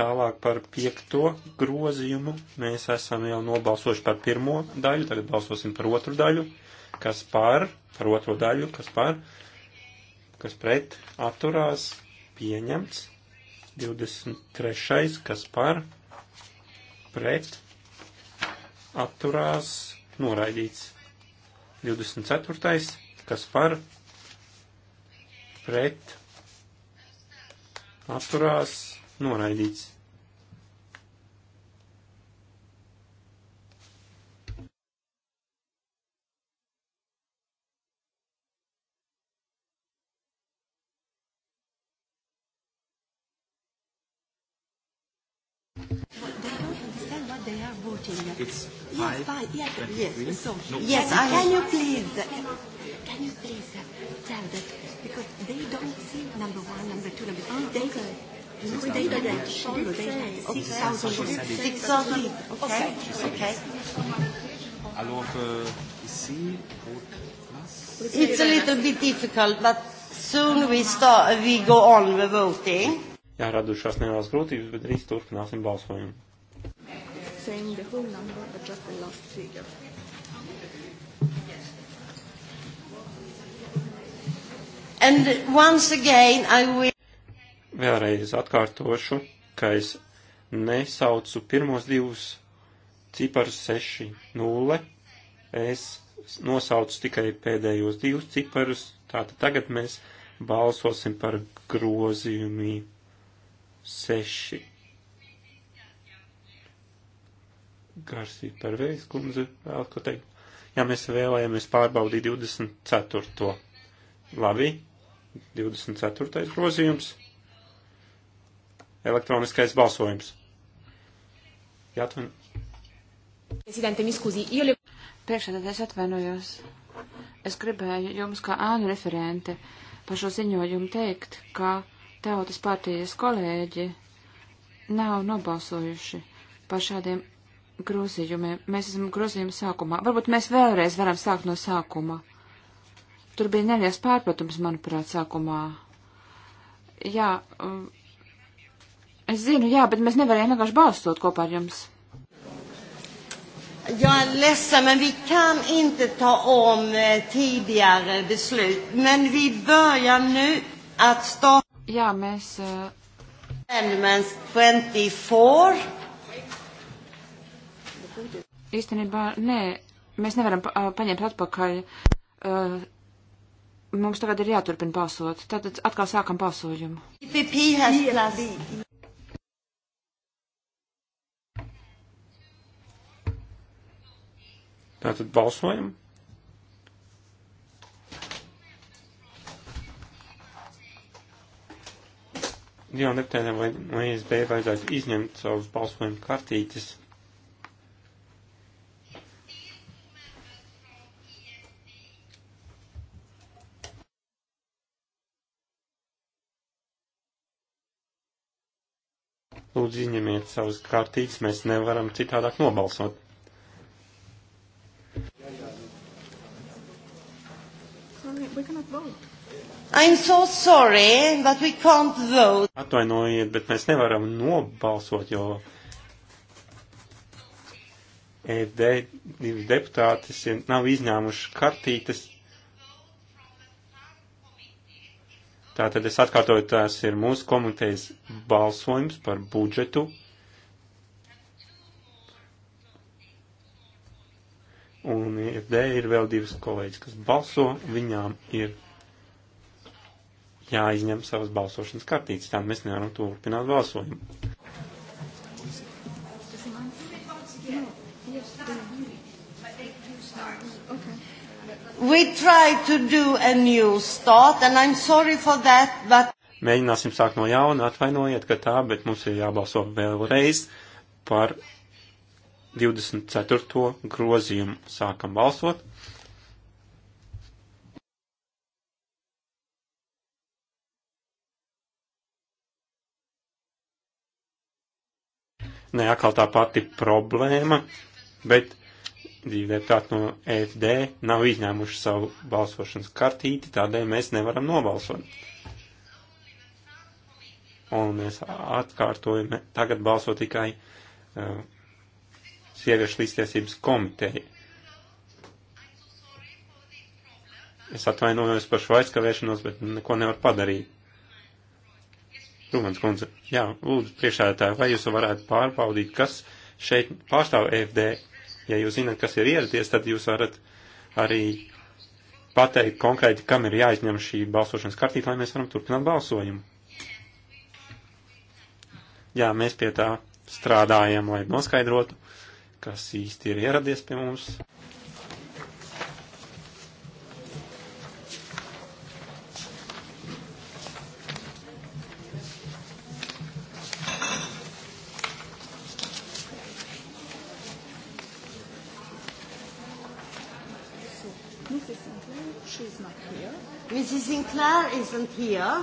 Tālāk par piekto grozījumu mēs esam jau nobalsojuši par pirmo daļu, tagad balsosim par otru daļu, kas par, par otro daļu, kas par, kas pret, atturās, pieņemts, 23. kas par, pret, atturās, noraidīts, 24. kas par, pret, atturās, noraidīts. It's five. Yes, five. Yes, yes. So, no. yes. I can you please? Uh, can you please uh, tell that because they don't see number one, number two, number three. Okay. They, No, they didn't. She did say. Okay. 6,000. Okay. Okay. Alors, euh, ici, It's a little bit difficult, but soon we start, uh, we go on the voting. Jā, radušās nelielas grūtības, bet drīz turpināsim balsojumu. Saying the whole number, but just the last figure. And once again, I will Vēlreiz atkārtošu, ka es nesaucu pirmos divus ciparus 6, 0. Es nosaucu tikai pēdējos divus ciparus, tātad tagad mēs balsosim par grozījumiem seši. Garsīgi par veids, kundze, vēl ko teikt. Jā, mēs vēlējamies pārbaudīt 24. Labi, 24. grozījums elektroniskais balsojums. Jātvan. Presidente, mi scusi, io le... Priekšsēdētājs atvainojos. Es gribēju jums kā ānu referente par šo ziņojumu teikt, ka tautas partijas kolēģi nav nobalsojuši par šādiem grozījumiem. Mēs esam grozījuma sākumā. Varbūt mēs vēlreiz varam sākt no sākuma. Tur bija neliels pārpratums, manuprāt, sākumā. Jā, Es zinu, jā, bet mēs nevarējām vienkārši balstot kopā ar jums. Jag är ledsen, men vi kan inte ta om tidigare beslut. Men vi börjar nu att starta... Ja, men... Så... Amendments 24. Īstenībā, nē, mēs nevaram pa paņemt atpakaļ. Uh, mums tagad ir jāturpina balsot. Tātad atkal sākam balsojumu. Tātad balsojam. Jā, neptēnē vai, vai SB vajadzētu izņemt savus balsojumu kartītes. Lūdzu, izņemiet savus kartītes, mēs nevaram citādāk nobalsot. I'm so sorry, but we can't vote. Atvainojiet, bet mēs nevaram nobalsot, jo ED divi deputātis ja nav izņēmuši kartītes. Tātad es atkārtoju, tās ir mūsu komitejas balsojums par budžetu un D ir vēl divas kolēģis, kas balso, viņām ir jāizņem savas balsošanas kartītes, tā mēs nevaram turpināt balsojumu. We try to do a new start, and I'm sorry for that, but... Mēģināsim sākt no jauna, atvainojiet, ka tā, bet mums ir jābalso vēlreiz par 24. grozījumu. Sākam balsot. Ne atkal tā pati problēma, bet divi deputāti no FD nav izņēmuši savu balsošanas kartīti, tādēļ mēs nevaram nobalsot. Un mēs atkārtojam tagad balso tikai uh, sieviešu līdztiesības komiteja. Es atvainojos par šo aizkavēšanos, bet neko nevar padarīt. Rūmans kundze, jā, lūdzu, priekšādātāji, vai jūs varētu pārbaudīt, kas šeit pārstāv FD? Ja jūs zināt, kas ir ieradies, tad jūs varat arī pateikt konkrēti, kam ir jāizņem šī balsošanas kartīte, lai mēs varam turpināt balsojumu. Jā, mēs pie tā strādājam, lai noskaidrotu kas īsti ir ieradies pie mums. Mrs. Sinclair isn't here.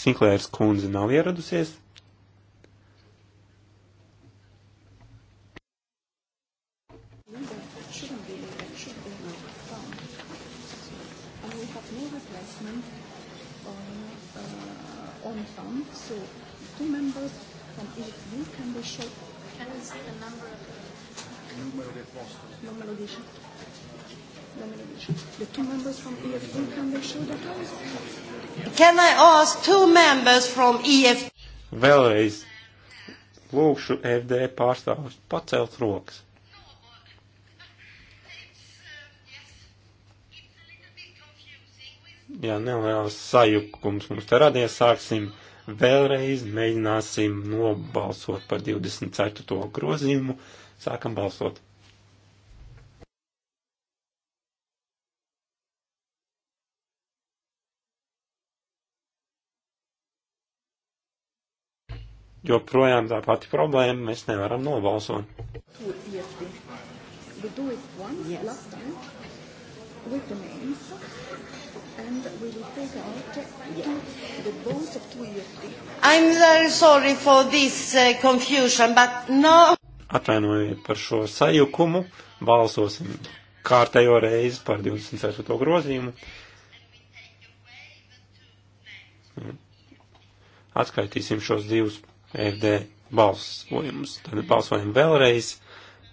Sinklērs kundze nav ieradusies. ask two members from EFT. Vēlreiz lūkšu FD pārstāvus pacelt rokas. Jā, neliels sajukums mums te radies, sāksim vēlreiz, mēģināsim nobalsot par 24. grozījumu, sākam balsot. joprojām tā pati problēma, mēs nevaram nobalsot. With the names, and we will take out yeah. the votes of two EFT. I'm very sorry for this uh, confusion, but no. Atvainojiet par šo sajukumu, balsosim kārtējo reizi par 24. grozījumu. Atskaitīsim šos divus FD balsojumus. Tad balsojam vēlreiz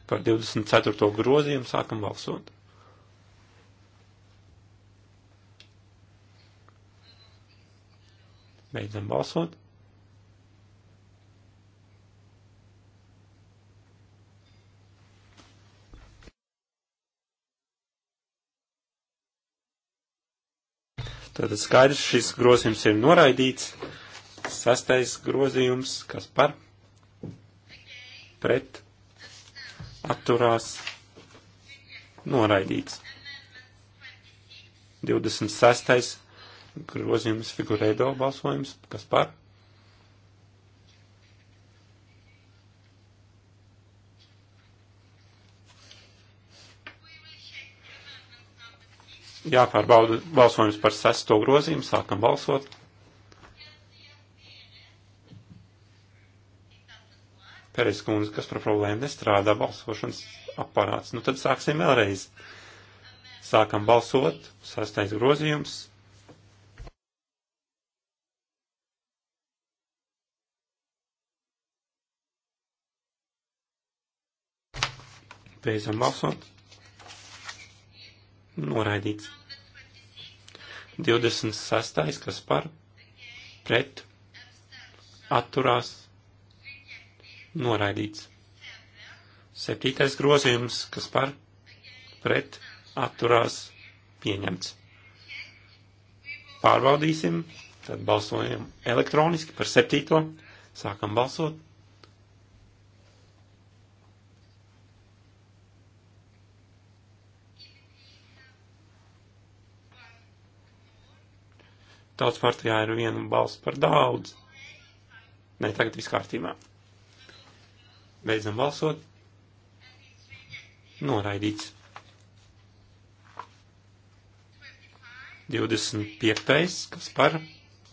par 24. grozījumu, sākam balsot. Beidzam balsot. Tātad skaidrs, šis grozījums ir noraidīts. Sastais grozījums, kas par pret atturās noraidīts. 26. grozījums figurēdo balsojums, kas par jāpārbauda balsojums par sesto grozījumu, sākam balsot. Pereis kundze, kas par problēmu nestrādā balsošanas aparāts. Nu tad sāksim vēlreiz. Sākam balsot, sastais grozījums. Beidzam balsot. Noraidīts. 26. kas par pret atturās noraidīts. Septītais grozījums, kas par pret atturās pieņemts. Pārbaudīsim, tad balsojam elektroniski par septīto, sākam balsot. Tautas partijā ir viena balss par daudz. Nē, tagad viss kārtībā. Beidzam balsot. Noraidīts. 25. kas par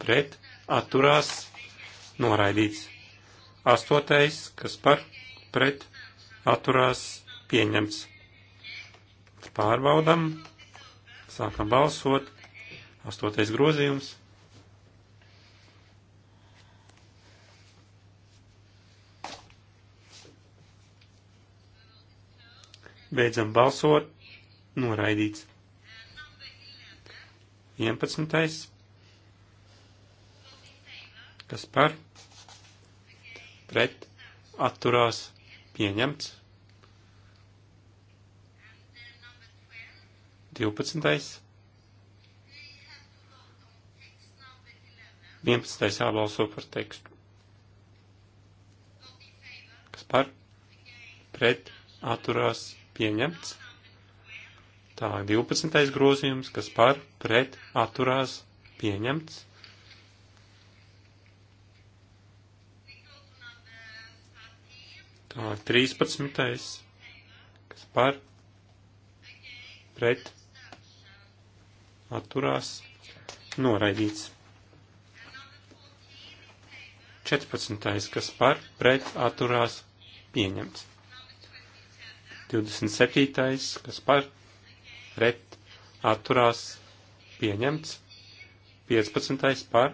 pret atturās noraidīts. 8. kas par pret atturās pieņemts. Pārbaudam, sākam balsot. 8. grozījums. Beidzam balsot. Noraidīts. 11. Kas par? Pret. Atturās. Pieņemts. 12. 11. jābalso par tekstu. Kas par? Pret atturās pieņemts. Tālāk 12. grozījums, kas par pret atturās pieņemts. Tālāk 13. kas par pret atturās noraidīts. 14. kas par pret atturās pieņemts. 27. kas par pret atturās pieņemts. 15. par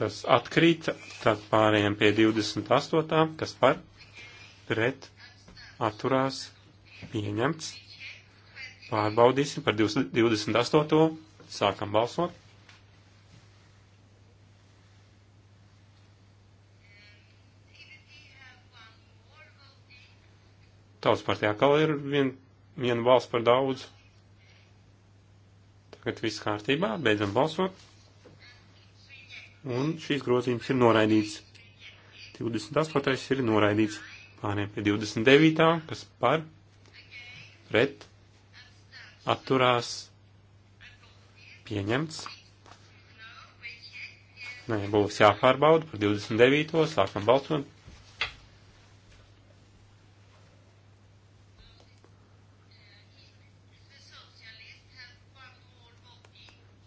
tas atkrīt, tad pārējiem pie 28. kas par pret atturās pieņemts. Pārbaudīsim par 28. sākam balsot. Tautas partijā atkal ir vien, viena balss par daudz. Tagad viss kārtībā, beidzam balsot. Un šīs grozījums ir noraidīts. 28. ir noraidīts. Pāriem pie 29. kas par, pret, atturās, pieņemts. Nē, būs jāpārbauda par 29. sākam balsot.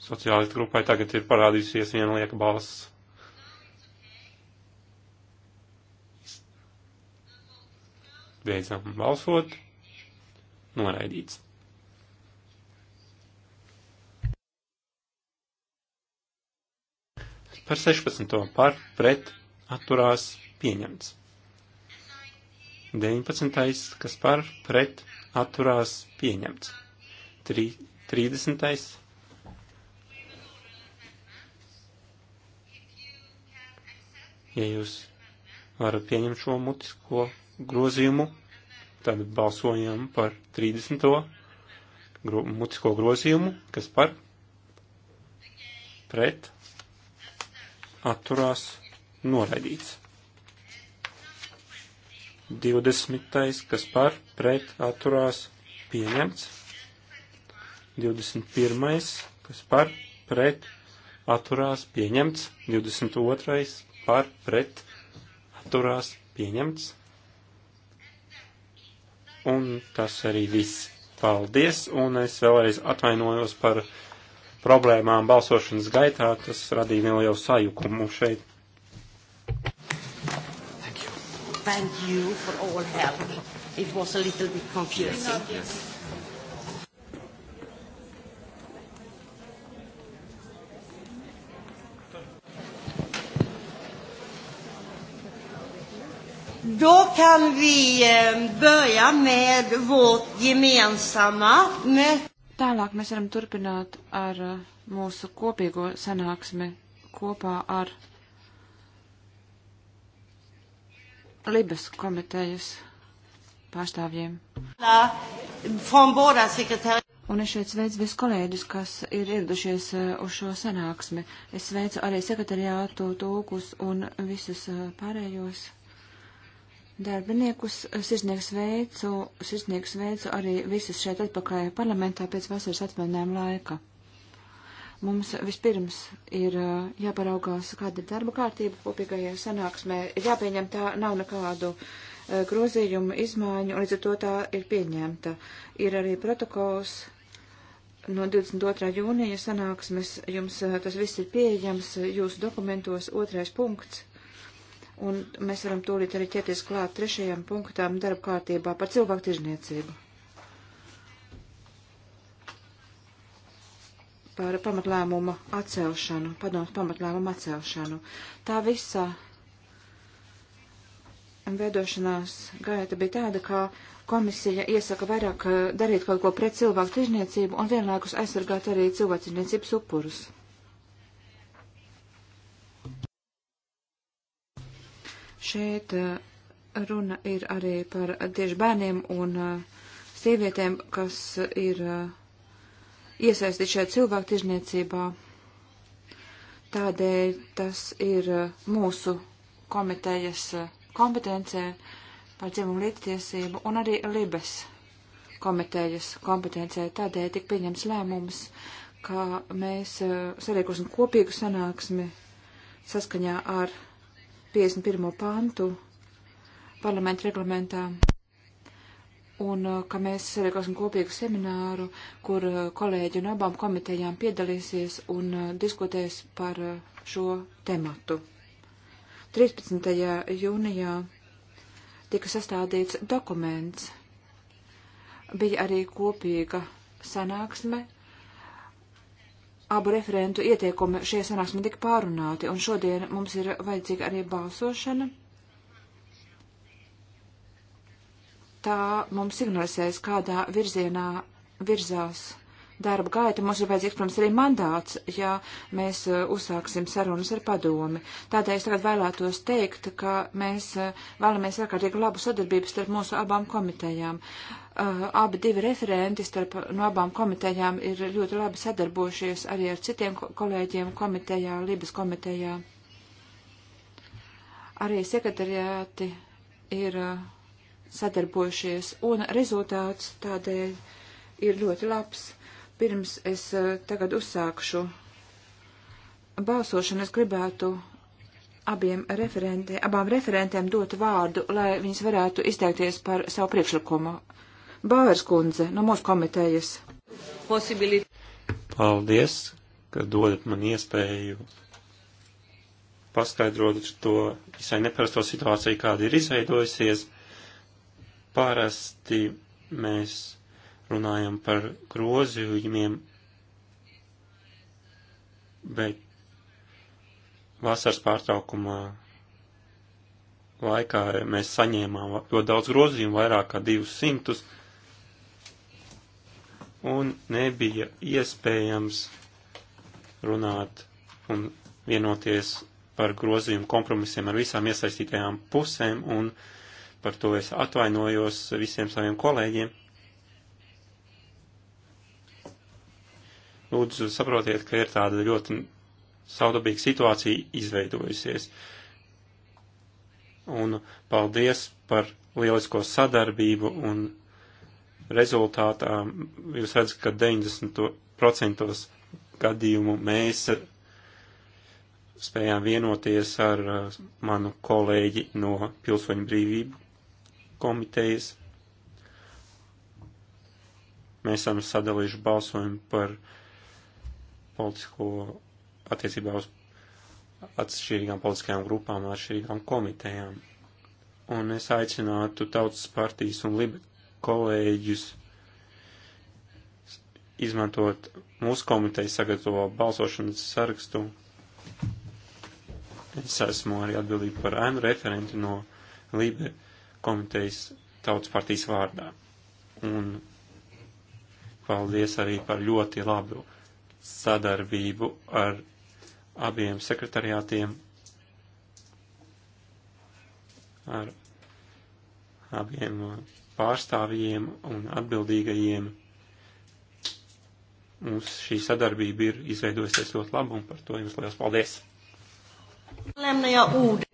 Sociālistu grupai tagad ir parādījusies viena lieka balss. Beidzam balsot. Noraidīts. Par 16. par pret atturās pieņemts. 19. kas par pret atturās pieņemts. 3, 30. Ja jūs varat pieņemt šo mutisko grozījumu, tad balsojam par 30. Gro, mutisko grozījumu, kas par pret atturās noraidīts. 20. kas par pret atturās pieņemts. 21. kas par pret atturās pieņemts. 22 par pret atturās pieņemts. Un tas arī viss. Paldies, un es vēlreiz atvainojos par problēmām balsošanas gaitā. Tas radīja nelielu sajukumu šeit. Thank you. Thank you for all help. It was a little bit confusing. Yes. Då kan vi eh, börja med vårt gemensamma möte. Tālāk mēs varam turpināt ar eh, mūsu kopīgo sanāksmi kopā ar Libes komitejas pārstāvjiem. Un es šeit sveicu visus kolēģus, kas ir ieradušies eh, uz šo sanāksmi. Es sveicu arī sekretariātu, tūkus un visus pārējos darbiniekus. Sirsnieks veicu, sirsnieks veicu arī visus šeit atpakaļ parlamentā pēc vasaras atvaļinājuma laika. Mums vispirms ir uh, jāparaugās, kāda ir darba kārtība kopīgajai sanāksmē. Ir jāpieņem tā, nav nekādu uh, grozījumu, izmaiņu, un līdz ar to tā ir pieņemta. Ir arī protokols no 22. jūnija sanāksmes. Jums uh, tas viss ir pieejams jūsu dokumentos. Otrais punkts un mēs varam tūlīt arī ķerties klāt trešajam punktam darba kārtībā par cilvēku tirzniecību. Par pamatlēmumu atcelšanu, padomus pamatlēmumu atcelšanu. Tā visa veidošanās gaita bija tāda, ka komisija iesaka vairāk eh, darīt kaut ko pret cilvēku tirzniecību un vienlaikus aizsargāt arī cilvēku tirzniecības upurus. Šeit eh, runa ir arī par tieši bērniem un eh, sievietēm, kas ir eh, iesaistīti šajā cilvēku tirzniecībā. Tādēļ tas ir mūsu komitejas kompetencē par dzimumu līdztiesību un arī Libes komitejas kompetencē. Tādēļ tika pieņems lēmums, ka mēs sarīkosim kopīgu sanāksmi saskaņā ar 51. pantu parlamentu reglamentā. Un uh, ka mēs sarīkosim kopīgu semināru, kur uh, kolēģi no abām komitejām piedalīsies un uh, diskutēs par šo tematu. 13. jūnijā tika sastādīts dokuments. Bija arī kopīga sanāksme abu referentu ieteikumi šie sanāksmi tika pārunāti, un šodien mums ir vajadzīga arī balsošana. Tā mums signalizēs, kādā virzienā virzās darba gaita, mums ir vajadzīgs, protams, arī mandāts, ja mēs uh, uzsāksim sarunas ar padomi. Tādēļ es tagad vēlētos teikt, ka mēs uh, vēlamies ārkārtīgi labu sadarbību starp mūsu abām komitejām. Uh, abi divi referenti starp no abām komitejām ir ļoti labi sadarbojušies arī ar citiem kolēģiem komitejā, Libas komitejā. Arī sekretariāti ir sadarbojušies, un rezultāts tādēļ ir ļoti labs. Pirms es eh, tagad uzsākšu balsošanu, es gribētu abiem referentiem, abām referentiem dot vārdu, lai viņas varētu izteikties par savu priekšlikumu. Bāvers kundze no mūsu komitejas. Posibility. Paldies, ka dodat man iespēju paskaidrot to visai neparasto situāciju, kāda ir izveidojusies. Parasti mēs runājam par grozījumiem, bet vasaras pārtraukumā laikā mēs saņēmām ļoti daudz grozījumu, vairāk kā 200, un nebija iespējams runāt un vienoties par grozījumu kompromisiem ar visām iesaistītajām pusēm, un par to es atvainojos visiem saviem kolēģiem. Lūdzu, saprotiet, ka ir tāda ļoti saudabīga situācija izveidojusies. Un paldies par lielisko sadarbību un rezultātā jūs redzat, ka 90% gadījumu mēs spējām vienoties ar uh, manu kolēģi no Pilsoņu brīvību komitejas. Mēs esam sadalījuši balsojumu par uh, politisko attiecībā uz atšķirīgām politiskajām grupām, atšķirīgām komitejām. Un es aicinātu tautas partijas un libe kolēģus izmantot mūsu komiteju sagatavo balsošanas sarakstu. Es esmu arī atbildīgi par ēnu referentu no Libe komitejas tautas partijas vārdā. Un paldies arī par ļoti labu sadarbību ar abiem sekretariātiem, ar abiem pārstāvjiem un atbildīgajiem. Mums šī sadarbība ir izveidojusies ļoti labi un par to jums liels paldies.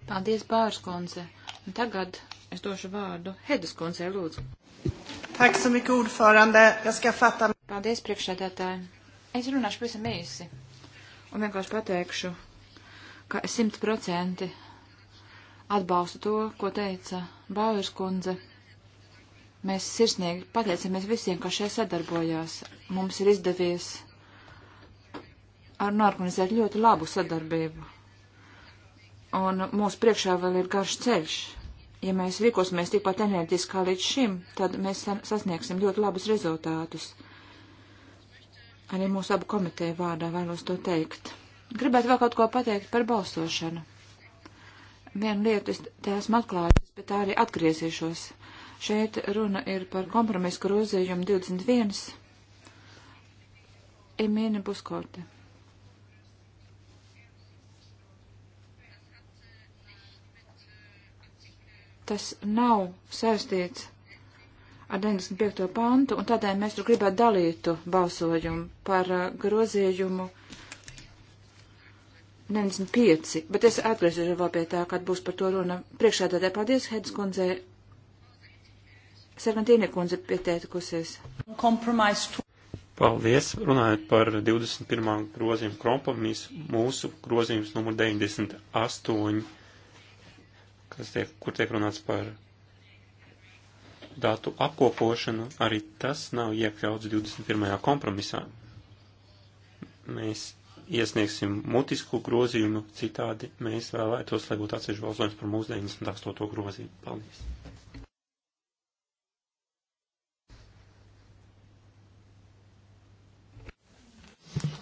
Paldies, Bārs kundze. Un tagad es došu vārdu Hedas kundzei, lūdzu. Paldies, priekšsēdētāji. Es runāšu pavisam īsi un vienkārši pateikšu, ka es simtprocenti atbalstu to, ko teica Bauers kundze. Mēs sirsnīgi pateicamies visiem, kas šie sadarbojās. Mums ir izdevies ar norganizēt ļoti labu sadarbību. Un mūsu priekšā vēl ir garš ceļš. Ja mēs rīkosimies tikpat enerģiski kā līdz šim, tad mēs sasniegsim ļoti labus rezultātus. Arī mūsu abu komiteju vārdā vēlos to teikt. Gribētu vēl kaut ko pateikt par balsošanu. Vienu lietu es te esmu atklājis, bet tā arī atgriezīšos. Šeit runa ir par kompromisu grozījumu 21. Emīna Buskote. Tas nav saistīts ar 95. pantu, un tādēļ mēs tur gribētu dalītu balsojumu par uh, grozījumu 95, bet es atgriezīšos vēl pie tā, kad būs par to runa. Priekšā tādēļ paldies, Hedz kundze, Sarkantīne kundze pieteikusies. Paldies, runājot par 21. grozījumu kompromisu, mūsu grozījums numur 98, kas tiek, kur tiek runāts par datu apkopošanu, arī tas nav iekļauts 21. kompromisā. Mēs iesniegsim mutisku grozījumu, citādi mēs vēlētos, lai būtu atsevišķi balsojums par mūsu 98. grozījumu. Paldies!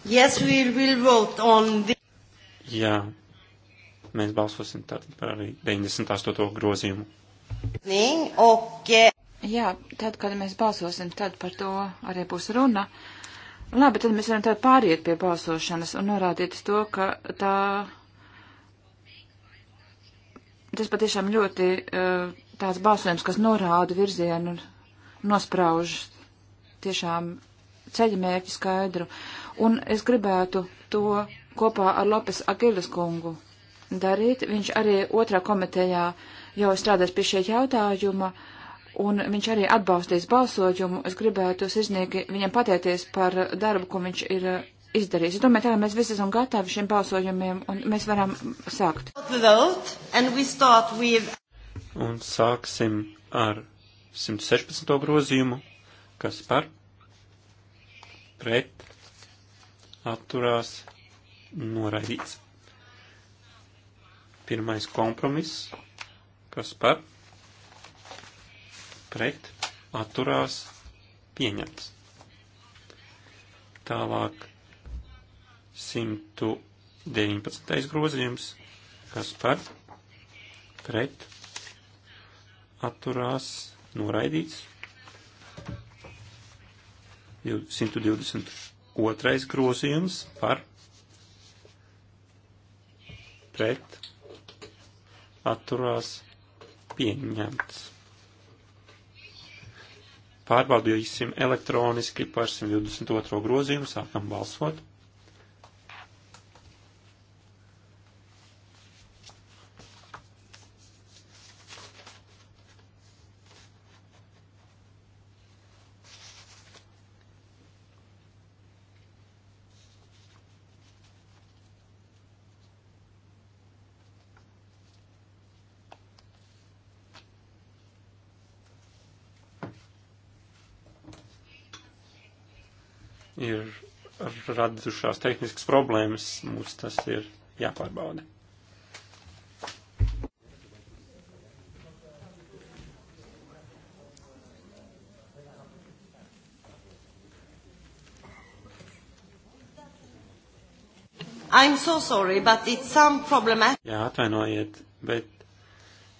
Yes, we will vote on the... Jā, mēs balsosim tātad par arī 98. grozījumu. Nī, okay. Jā, tad, kad mēs balsosim, tad par to arī būs runa. Labi, tad mēs varam tad pāriet pie balsošanas un norādīt uz to, ka tā. Tas patiešām ļoti eh, tāds balsojums, kas norāda virzienu un nosprauž tiešām ceļamērķi skaidru. Un es gribētu to kopā ar Lopes Agilas kungu darīt. Viņš arī otrā komitejā jau strādās pie šie jautājuma. Uh, un viņš arī atbalstīs balsot, jo es gribētu sirsnīgi viņam pateikties par darbu, ko viņš ir eh, izdarījis. Es domāju, tā mēs visi esam gatavi šiem balsojumiem, un mēs varam sākt. Un sāksim ar 116. grozījumu, kas par pret atturās noraidīts. Pirmais kompromiss, kas par pret pret atturās pieņemts. Tālāk 119. grozījums, kas par pret atturās noraidīts. 122. grozījums par pret atturās pieņemts. Pārbaudīsim elektroniski par 122. grozījumu, sākam balsot. ir radušās tehniskas problēmas, mums tas ir jāpārbauda. I'm so sorry, but it's some problem. Jā, atvainojiet, bet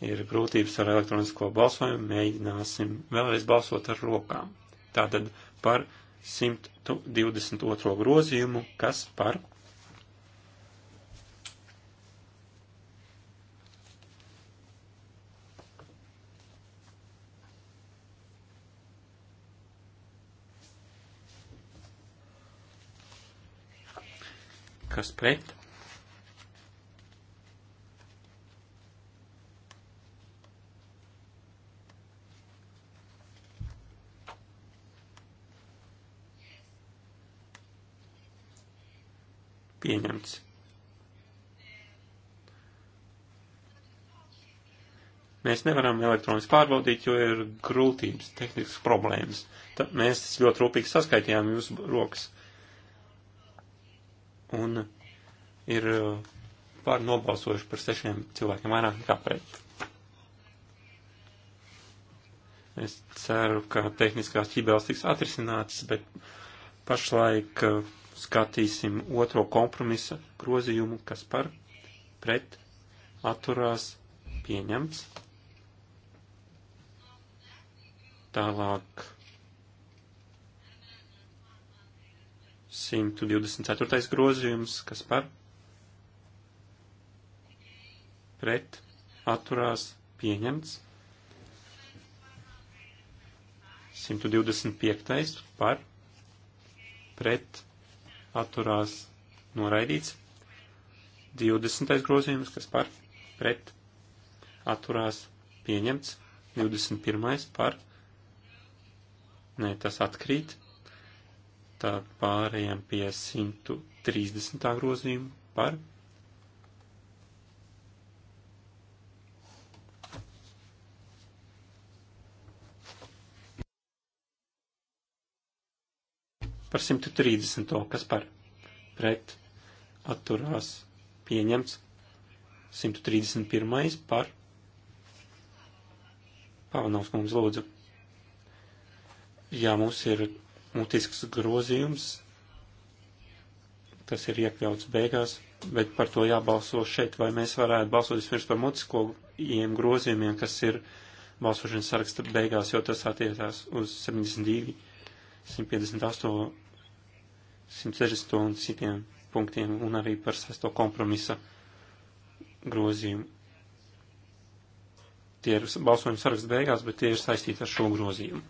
ir grūtības ar elektronisko balsojumu, mēģināsim vēlreiz balsot ar rokām. Tātad par 122. grozījumu, kas par kas pret Mēs nevaram elektroniski pārbaudīt, jo ir grūtības, tehniskas problēmas. Tad mēs ļoti rūpīgi saskaitījām jūsu rokas. Un ir uh, pār nobalsojuši par sešiem cilvēkiem vairāk nekā pret. Es ceru, ka tehniskās ķībeles tiks atrisinātas, bet pašlaik uh, skatīsim otro kompromisa grozījumu, kas par pret atturās pieņemts. Tālāk 124. grozījums, kas par pret atturās pieņemts. 125. par pret atturās noraidīts. 20. grozījums, kas par pret atturās pieņemts. 21. par Nē, tas atkrīt. Tad pārējām pie 130. grozījuma par. Par 130. kas par pret atturās pieņemts. 131. par Pavanovs kungs lūdzu. Jā, mums ir mutisks grozījums, tas ir iekļauts beigās, bet par to jābalso šeit, vai mēs varētu balsot vispirms par mutiskojiem grozījumiem, kas ir balsošanas saraksta beigās, jo tas attiecās uz 72, 158, 160 un citiem punktiem, un arī par sesto kompromisa grozījumu. Tie ir balsojuma saraksta beigās, bet tie ir saistīti ar šo grozījumu.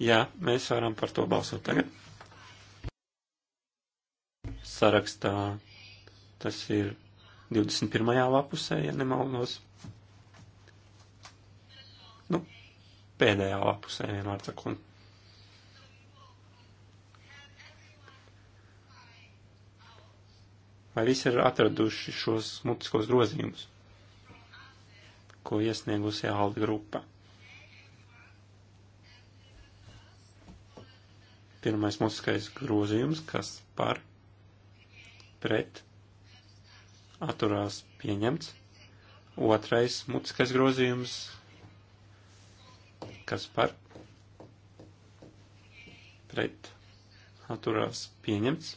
Jā, mēs varam par to balsot tagad. Sarakstā tas ir 21. lapusē, ja nemaldos. Nu, pēdējā lapusē vienmēr sakot. Vai visi ir atraduši šos mutiskos grozījumus, ko iesniegusi Alda grupa? Pirmais mūziskais grozījums, kas par pret atturās pieņemts. Otrais mūziskais grozījums, kas par pret atturās pieņemts.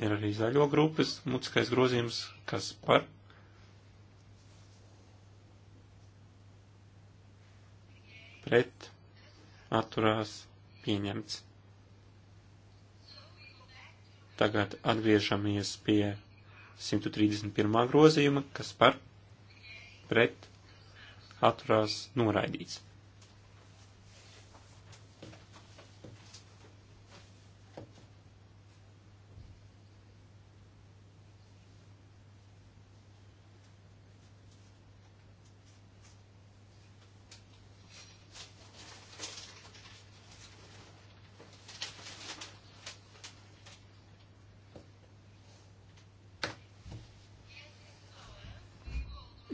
Ir arī zaļo grupas mūziskais grozījums, kas par pret pret atturās pieņemts. Tagad atgriežamies pie 131. grozījuma, kas par pret atturās noraidīts.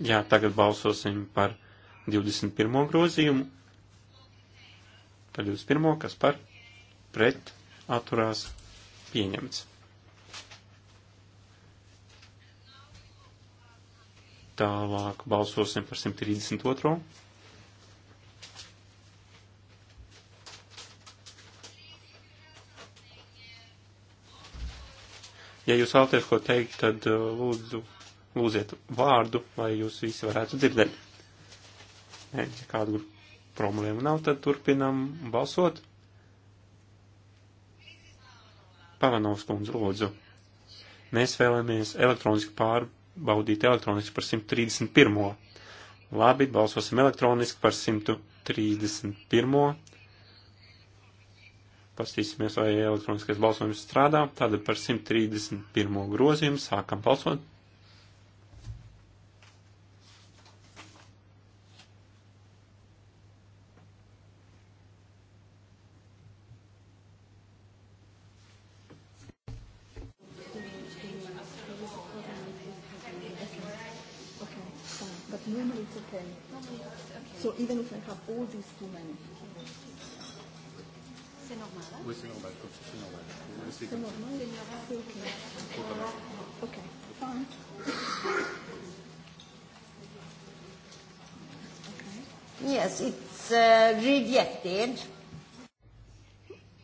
Jā, tagad balsosim par 21. grozījumu. Par 21. kas par pret atturās pieņemts. Tālāk balsosim par 132. Ja jūs vēlaties ko teikt, tad uh, lūdzu lūdziet vārdu, lai jūs visi varētu dzirdēt. Nē, ja kādu problēmu nav, tad turpinam balsot. Pavanovs kundze, lūdzu. Mēs vēlamies elektroniski pārbaudīt elektroniski par 131. Labi, balsosim elektroniski par 131. Pastīsimies, vai elektroniskais balsojums strādā. Tātad par 131. grozījumu sākam balsot. have all these too many. C'est normal. Hein? Oui, c'est normal. C'est normal. C'est normal. C'est ok. Ok. Fine. Okay. Yes, it's uh, rejected.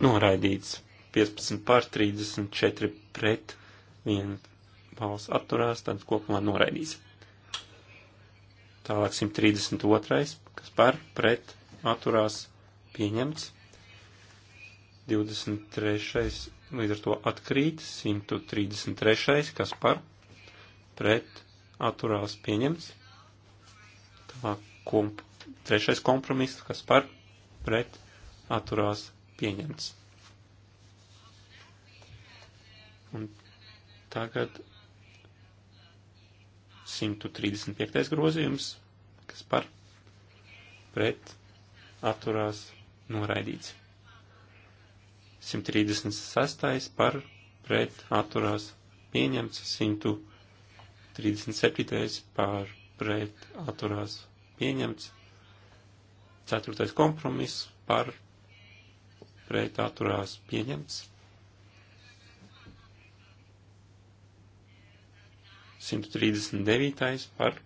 Noraidīts. 15 pār 34 pret 1 balss atturās, tad kopumā noraidīts. Tālāk 132. kas par pret atturās pieņemts. 23. līdz ar to atkrīt. 133. kas par pret atturās pieņemts. Tālāk komp trešais kompromiss, kas par pret atturās pieņemts. Un tagad 135. grozījums, kas par pret atturās noraidīts. 136. par pret atturās pieņemts, 137. par pret atturās pieņemts, 4. kompromiss par pret atturās pieņemts, 139. par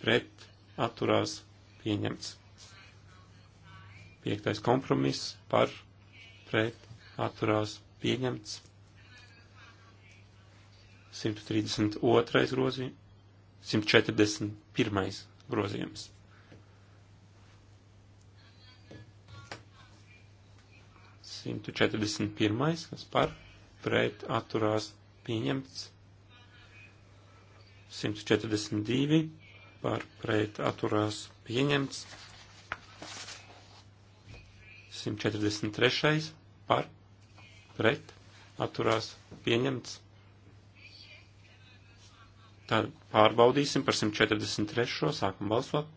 pret atturās pieņemts. 5. kompromiss par pret atturās pieņemts. 132. grozījums, 141. grozījums. Simtu četrdesmit pirmais, kas par pret atturās pieņemts. 142 par pret atturās pieņemts. 143 par pret atturās pieņemts. Tad pārbaudīsim par 143. Sākam balsot.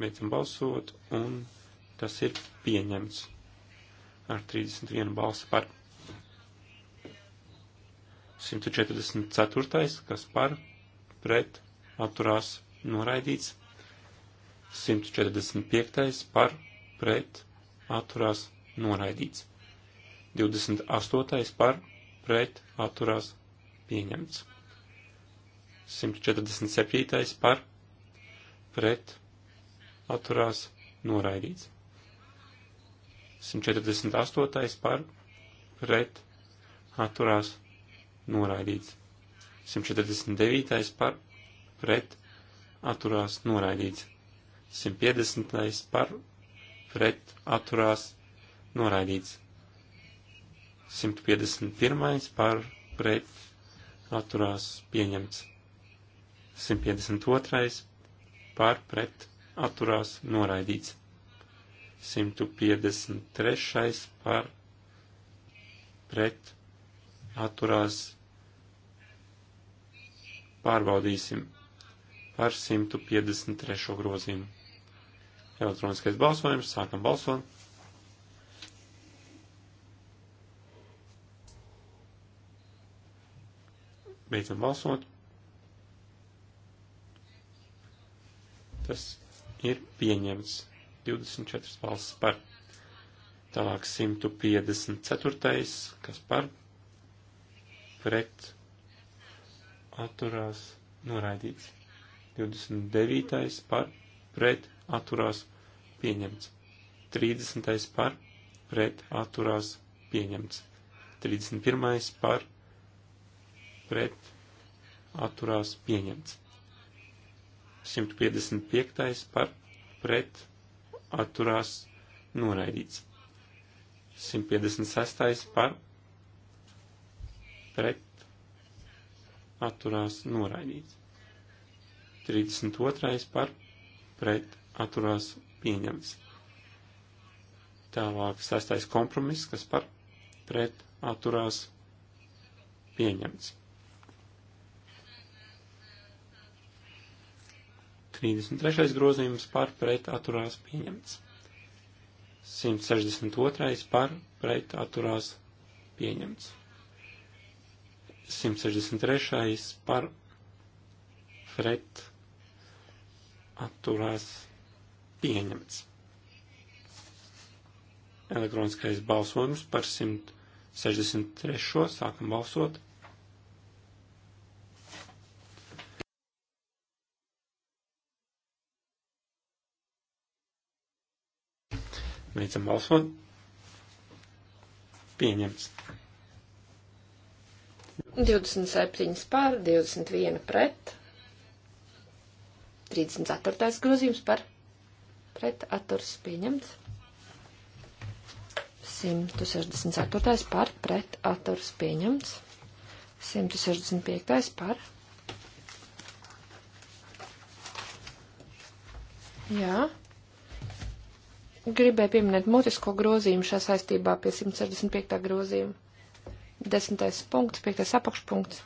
Beidzam balsot un Tas ir pieņemts ar 31 balsu par. 144. kas par pret atturās noraidīts. 145. par pret atturās noraidīts. 28. par pret atturās pieņemts. 147. par pret atturās noraidīts. 148. par pret atturās noraidīts. 149. par pret atturās noraidīts. 150. par pret atturās noraidīts. 151. par pret atturās pieņemts. 152. par pret atturās noraidīts. 153. par pret atturās pārbaudīsim par 153. grozījumu. Elektroniskais balsojums, sākam balsot. Beidzam balsot. Tas ir pieņemts. 24 balsis par. Tālāk 154, kas par, pret, atturās, noraidīts. 29 par, pret, atturās, pieņemts. 30 par, pret, atturās, pieņemts. 31 par, pret, atturās, pieņemts. 155 par, pret, atturās noraidīts. 156. par pret atturās noraidīts. 32. par pret atturās pieņemts. Tālāk 6. kompromiss, kas par pret atturās pieņemts. 33. grozījums par pret atturās pieņemts. 162. par pret atturās pieņemts. 163. par pret atturās pieņemts. Elektroniskais balsojums par 163. sākam balsot. Beidzam balsot. Pieņemts. 27 pār, 21 pret, 34. grozījums par pret atturs pieņemts, 164. par pret atturs pieņemts, 165. par. Jā, Gribēju pieminēt mutisko grozījumu šā saistībā pie 165. grozījuma. Desmitais punkts, piektais apakšpunkts.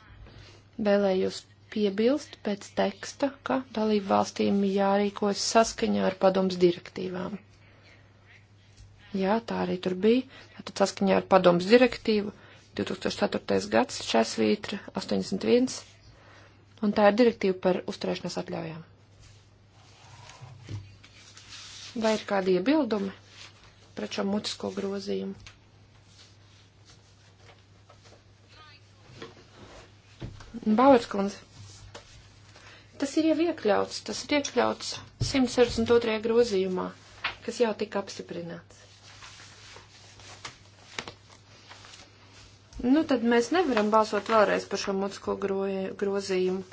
Vēlējos piebilst pēc teksta, ka dalību valstīm jārīkojas saskaņā ar padoms direktīvām. Jā, tā arī tur bija. Tātad saskaņā ar padoms direktīvu 2004. gads, šesvītra 81, un tā ir direktīva par uzturēšanās atļaujām. Vai ir kādi iebildumi pret šo mutisko grozījumu? Bauerskundze. Tas ir jau iekļauts, tas ir iekļauts 162. grozījumā, kas jau tika apstiprināts. Nu, tad mēs nevaram balsot vēlreiz par šo mutisko grozījumu.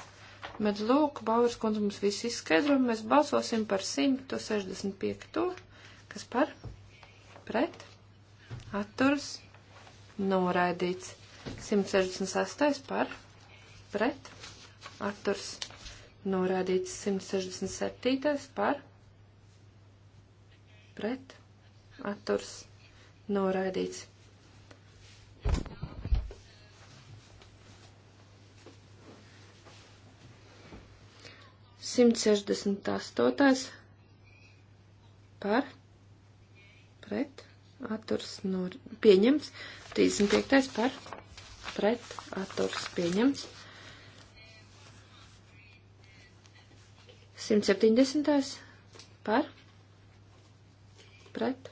Bet lūk, Bauers kundze mums viss izskaidro, mēs balsosim par 165. To, kas par pret atturs noraidīts. 168. par pret atturs noraidīts. 167. par pret atturs noraidīts. 168. par pret atturs nor... pieņemts. 35. par pret atturs pieņemts. 170. par pret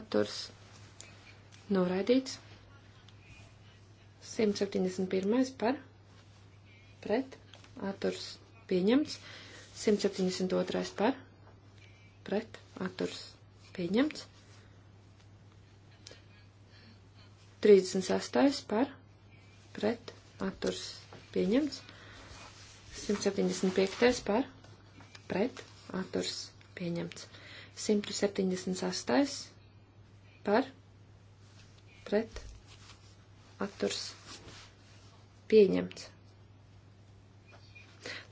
atturs noraidīts. 171. par pret atturs pieņemts. 172. par, pret, atturs, pieņemts. 36. par, pret, atturs, pieņemts. 175. par, pret, atturs, pieņemts. 178. par, pret, atturs, pieņemts.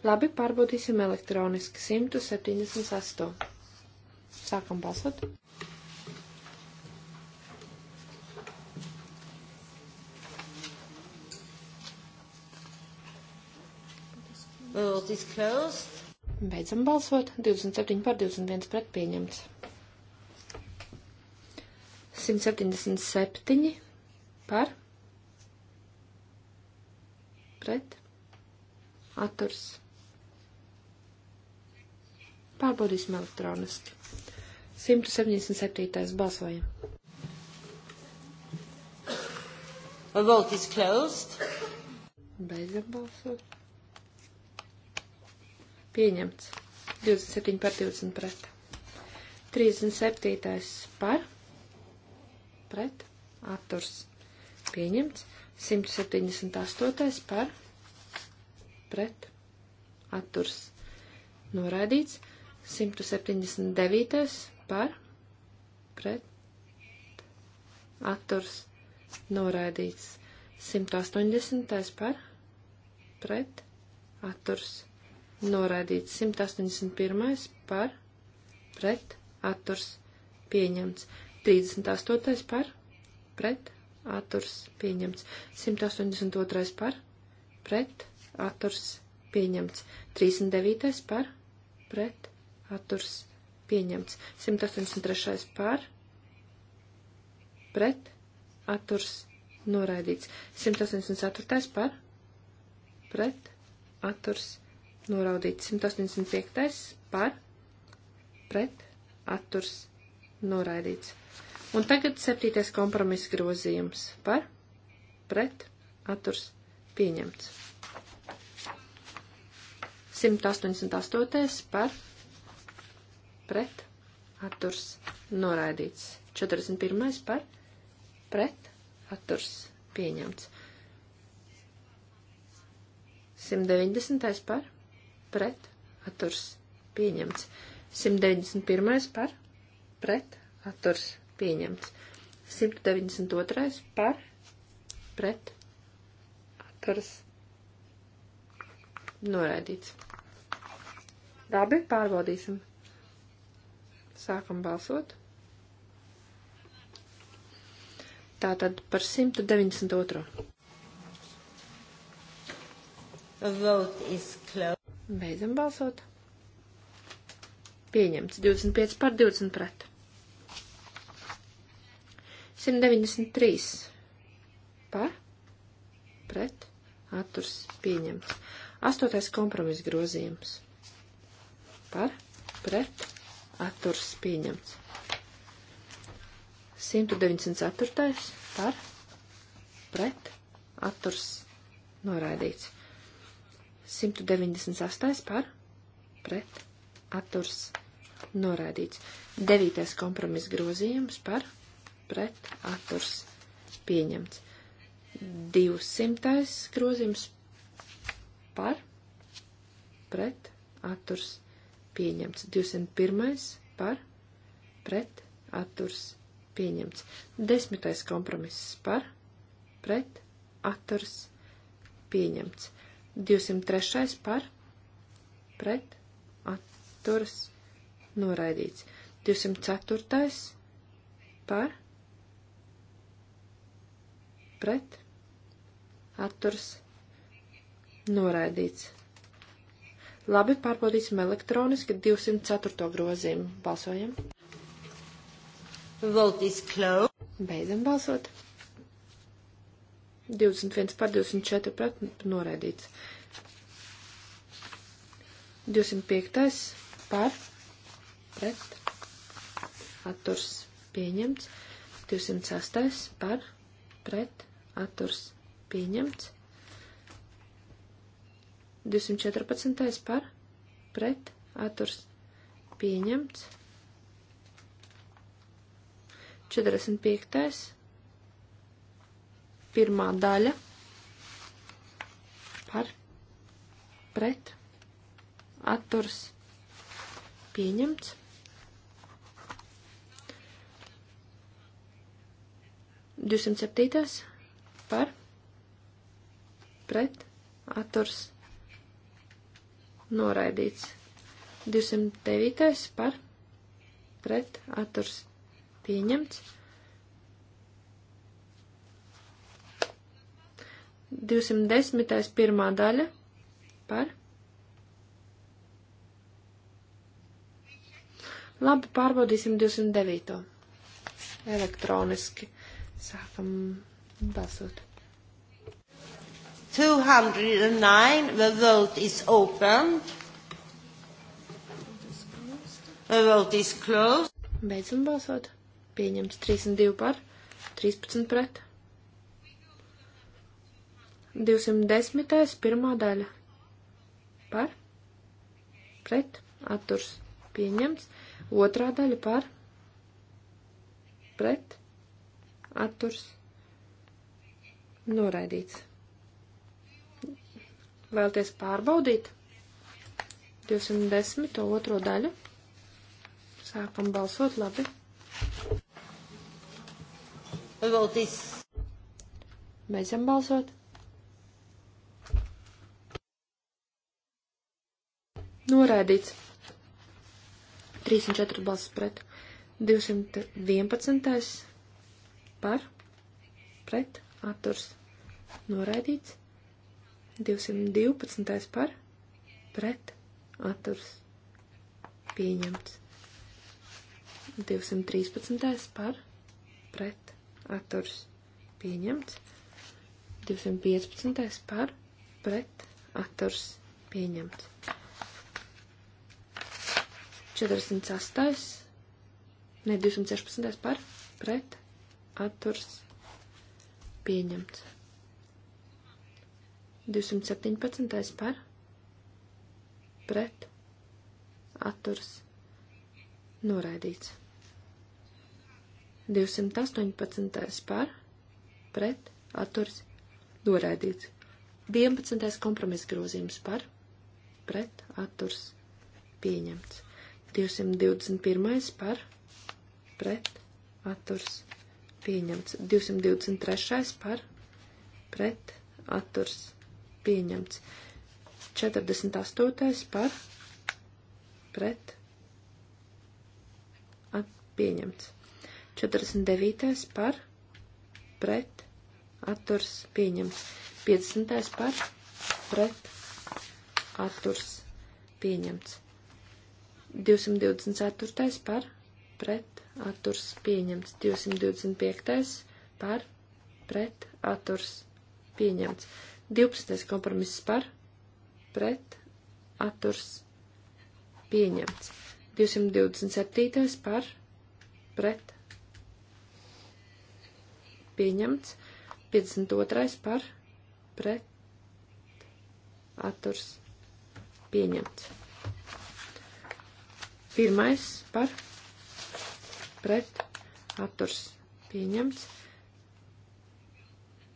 Labi, pārbaudīsim elektroniski 178. Sākam balsot. Vote is closed. Beidzam balsot. 27 par 21 pret pieņemts. 177 par pret atturs Pārbaudīsim elektroniski. 177. balsojam. The vote is closed. Beidzam balsot. Pieņemts. 27 par 20 pret. 37. par. Pret. Atturs. Pieņemts. 178. par. Pret. Atturs. Noraidīts. 179. par pret atturs noraidīts. 180. par pret atturs noraidīts. 181. par pret atturs pieņemts. 38. par pret atturs pieņemts. 182. par pret atturs pieņemts. 39. par pret atturs pieņemts pret, atturs pieņemts. 183. par pret atturs noraidīts. 184. par pret atturs noraidīts. 185. par pret atturs noraidīts. Un tagad septītais kompromiss grozījums par pret atturs pieņemts. 188. par pret pret, atturs, noraidīts. 41. par, pret, atturs, pieņemts. 190. par, pret, atturs, pieņemts. 191. par, pret, atturs, pieņemts. 192. par, pret, atturs, noraidīts. Labi, pārbaudīsim. Sākam balsot. Tātad par 192. Beidzam balsot. Pieņemts 25 par 20 pret. 193 par pret atturs pieņemts. Astotais kompromis grozījums par pret atturs pieņemts. 194. par pret atturs noraidīts. 198. par pret atturs noraidīts. 9. kompromiss grozījums par pret atturs pieņemts. 200. grozījums par pret atturs pieņemts. 201. par, pret, atturs, pieņemts. Desmitais kompromiss par, pret, atturs, pieņemts. 203. par, pret, atturs, noraidīts. 204. par, pret, atturs, noraidīts. Labi, pārbaudīsim elektroniski 204. grozījumu. Balsojam. Vote is closed. Beidzam balsot. 21 par 24 pret noraidīts. 205. par pret atturs pieņemts. 206. par pret atturs pieņemts. 214. par pret atturs pieņemts. 45. pirmā daļa par pret atturs pieņemts. Divsimt septītais par pret atturs pieņemts noraidīts. 209. par pret atturs pieņemts. 210. pirmā daļa par. Labi, pārbaudīsim 209. elektroniski. Sākam balsot. 209, the vote is open. The vote is closed. Beidzam balsot. Pieņemts 32 par, 13 pret. 210. pirmā daļa. Par, pret, atturs. Pieņemts. Otrā daļa par, pret, atturs. Noraidīts. Vēlties pārbaudīt 210. otro daļu. Sākam balsot labi. Baltīs. Beidzam balsot. Noraidīts. 304 balsis pret. 211 par pret atturs. Noraidīts. 212. par pret atturs pieņemts. 213. par pret atturs pieņemts. 215. par pret atturs pieņemts. 48. Ne, 216. par pret atturs pieņemts. 217. par pret atturs noraidīts. 218. par pret atturs noraidīts. 11. kompromiss grozījums par pret atturs pieņemts. 221. par pret atturs pieņemts. 223. par pret atturs pieņemts pieņemts. 48. par pret at, pieņemts. 49. par pret atturs pieņemts. 50. par pret atturs pieņemts. 224. par pret atturs pieņemts. 225. par pret atturs pieņemts. 12. kompromiss par, pret, atturs, pieņemts. 227. par, pret, pieņemts. 52. par, pret, atturs, pieņemts. Pirmais par, pret, atturs, pieņemts.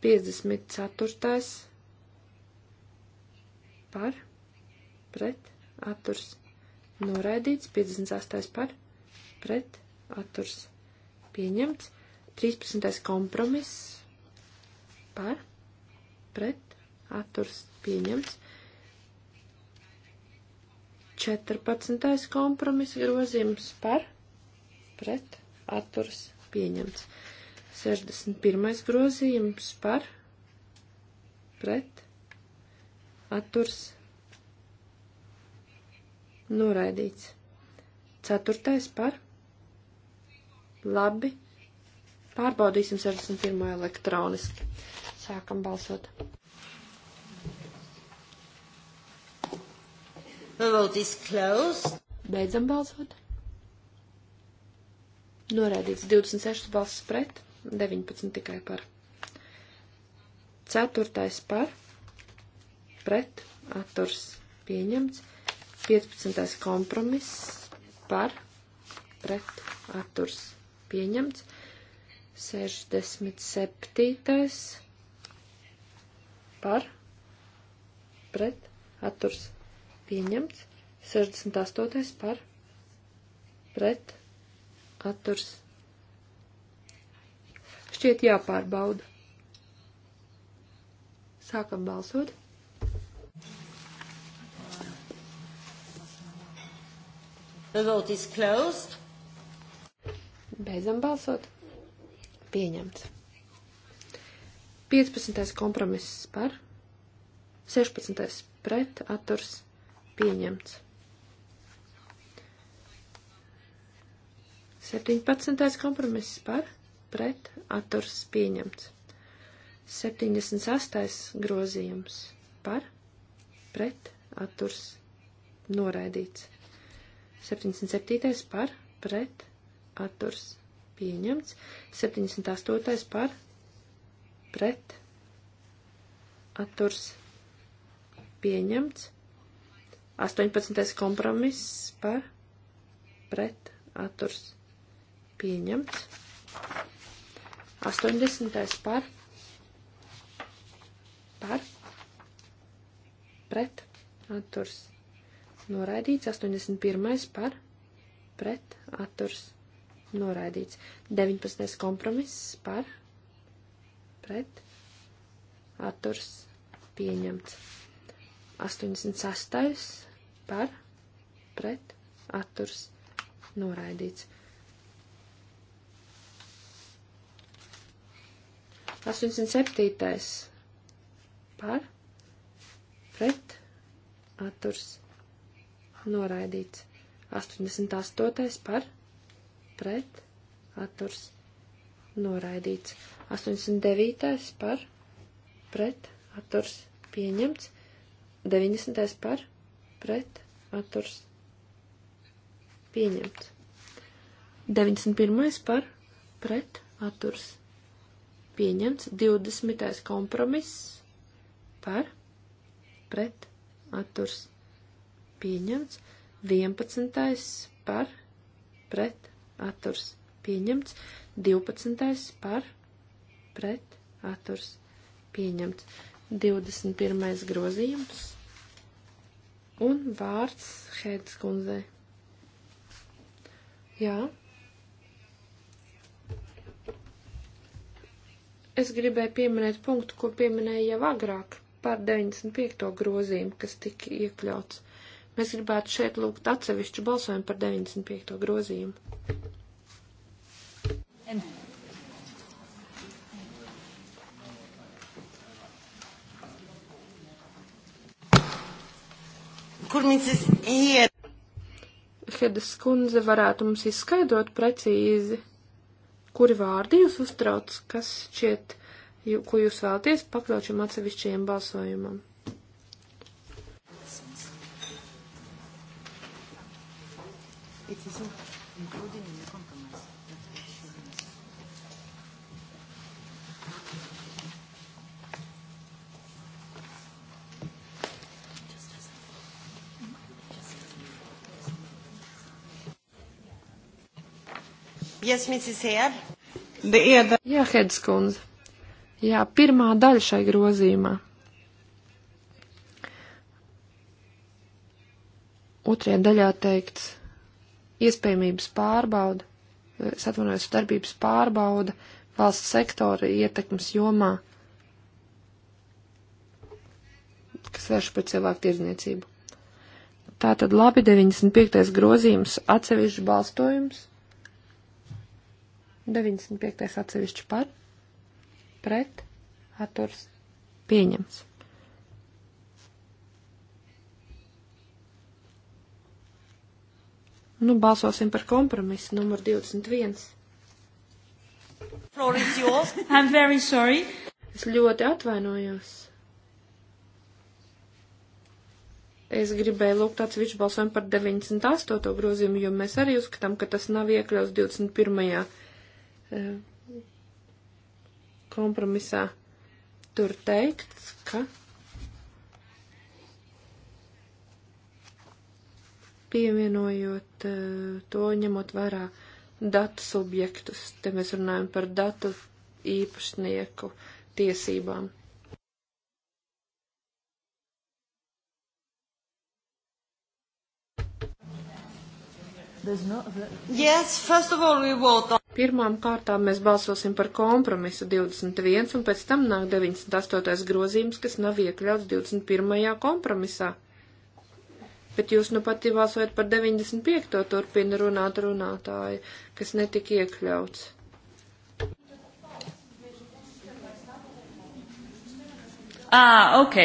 54 par, pret, atturs, noraidīts, 58. par, pret, atturs, pieņemts, 13. kompromiss par, pret, atturs, pieņemts, 14. kompromisa grozījums par, pret, atturs, pieņemts. 61. grozījums par, pret, atturs noraidīts. Ceturtais par labi. Pārbaudīsim 61. elektroniski. Sākam balsot. Vote is closed. Beidzam balsot. Norēdīts 26 balsis pret, 19 tikai par. Ceturtais par pret atturs pieņemts. 15. kompromiss par pret atturs pieņemts. 67. par pret atturs pieņemts. 68. par pret atturs šķiet jāpārbauda. Sākam balsot. The vote is closed. Beidzam balsot. Pieņemts. 15. kompromiss par, 16. pret, atturs, pieņemts. 17. kompromiss par, pret, atturs, pieņemts. 78. grozījums par, pret, atturs, noraidīts. 77. par pret atturs pieņemts. 78. par pret atturs pieņemts. 18. kompromiss par pret atturs pieņemts. 80. par par pret atturs pieņemts noraidīts, 81. par, pret, atturs, noraidīts, 19. kompromiss par, pret, atturs, pieņemts, 86. par, pret, atturs, noraidīts. 87. par, pret, atturs, noraidīts noraidīts. 88. par pret atturs noraidīts. 89. par pret atturs pieņemts. 90. par pret atturs pieņemts. 91. par pret atturs pieņemts. 20. kompromiss par pret atturs pieņemts pieņemts, 11. par pret atturs pieņemts, 12. par pret atturs pieņemts, 21. grozījums un vārds Hēdas kundzei. Jā. es gribēju pieminēt punktu, ko pieminēju jau agrāk par 95. grozījumu, kas tika iekļauts. Mēs gribētu šeit lūgt atsevišķu balsojumu par 95. grozījumu. And kur viņas iet. Hedas kundze varētu mums izskaidrot precīzi, kuri vārdi jūs uztrauc, kas šķiet, jū, ko jūs vēlties pakļaut šim atsevišķajam balsojumam. criticism, including in the compromise. Yes, Mrs. Head. Jā, Hedas kundze. Jā, pirmā daļa šai grozījumā. Otrajā daļā teikts iespējamības pārbauda, es atvainojos, darbības pārbauda valsts sektora ietekmes jomā, kas vērš pret cilvēku tirdzniecību. Tātad labi 95. grozījums atsevišķi balstojums. 95. atsevišķi par, pret, atturs, pieņems. Nu, balsosim par kompromisu numur 21. Floor is yours. I'm very sorry. Es ļoti atvainojos. Es gribēju lūgt atsevišķu balsojumu par 98. grozījumu, jo mēs arī uzskatām, ka tas nav iekļauts 21. Eh, kompromisā. Tur teikts, ka pievienojot eh, to, ņemot vērā datu subjektus. Te mēs runājam par datu īpašnieku tiesībām. No... Yes, all, Pirmām kārtām mēs balsosim par kompromisu 21, un pēc tam nāk 98. grozījums, kas nav iekļauts 21. kompromisā bet jūs nu pati balsojat par 95. turpina runāt runātāju, kas netika iekļauts. Ah, ok.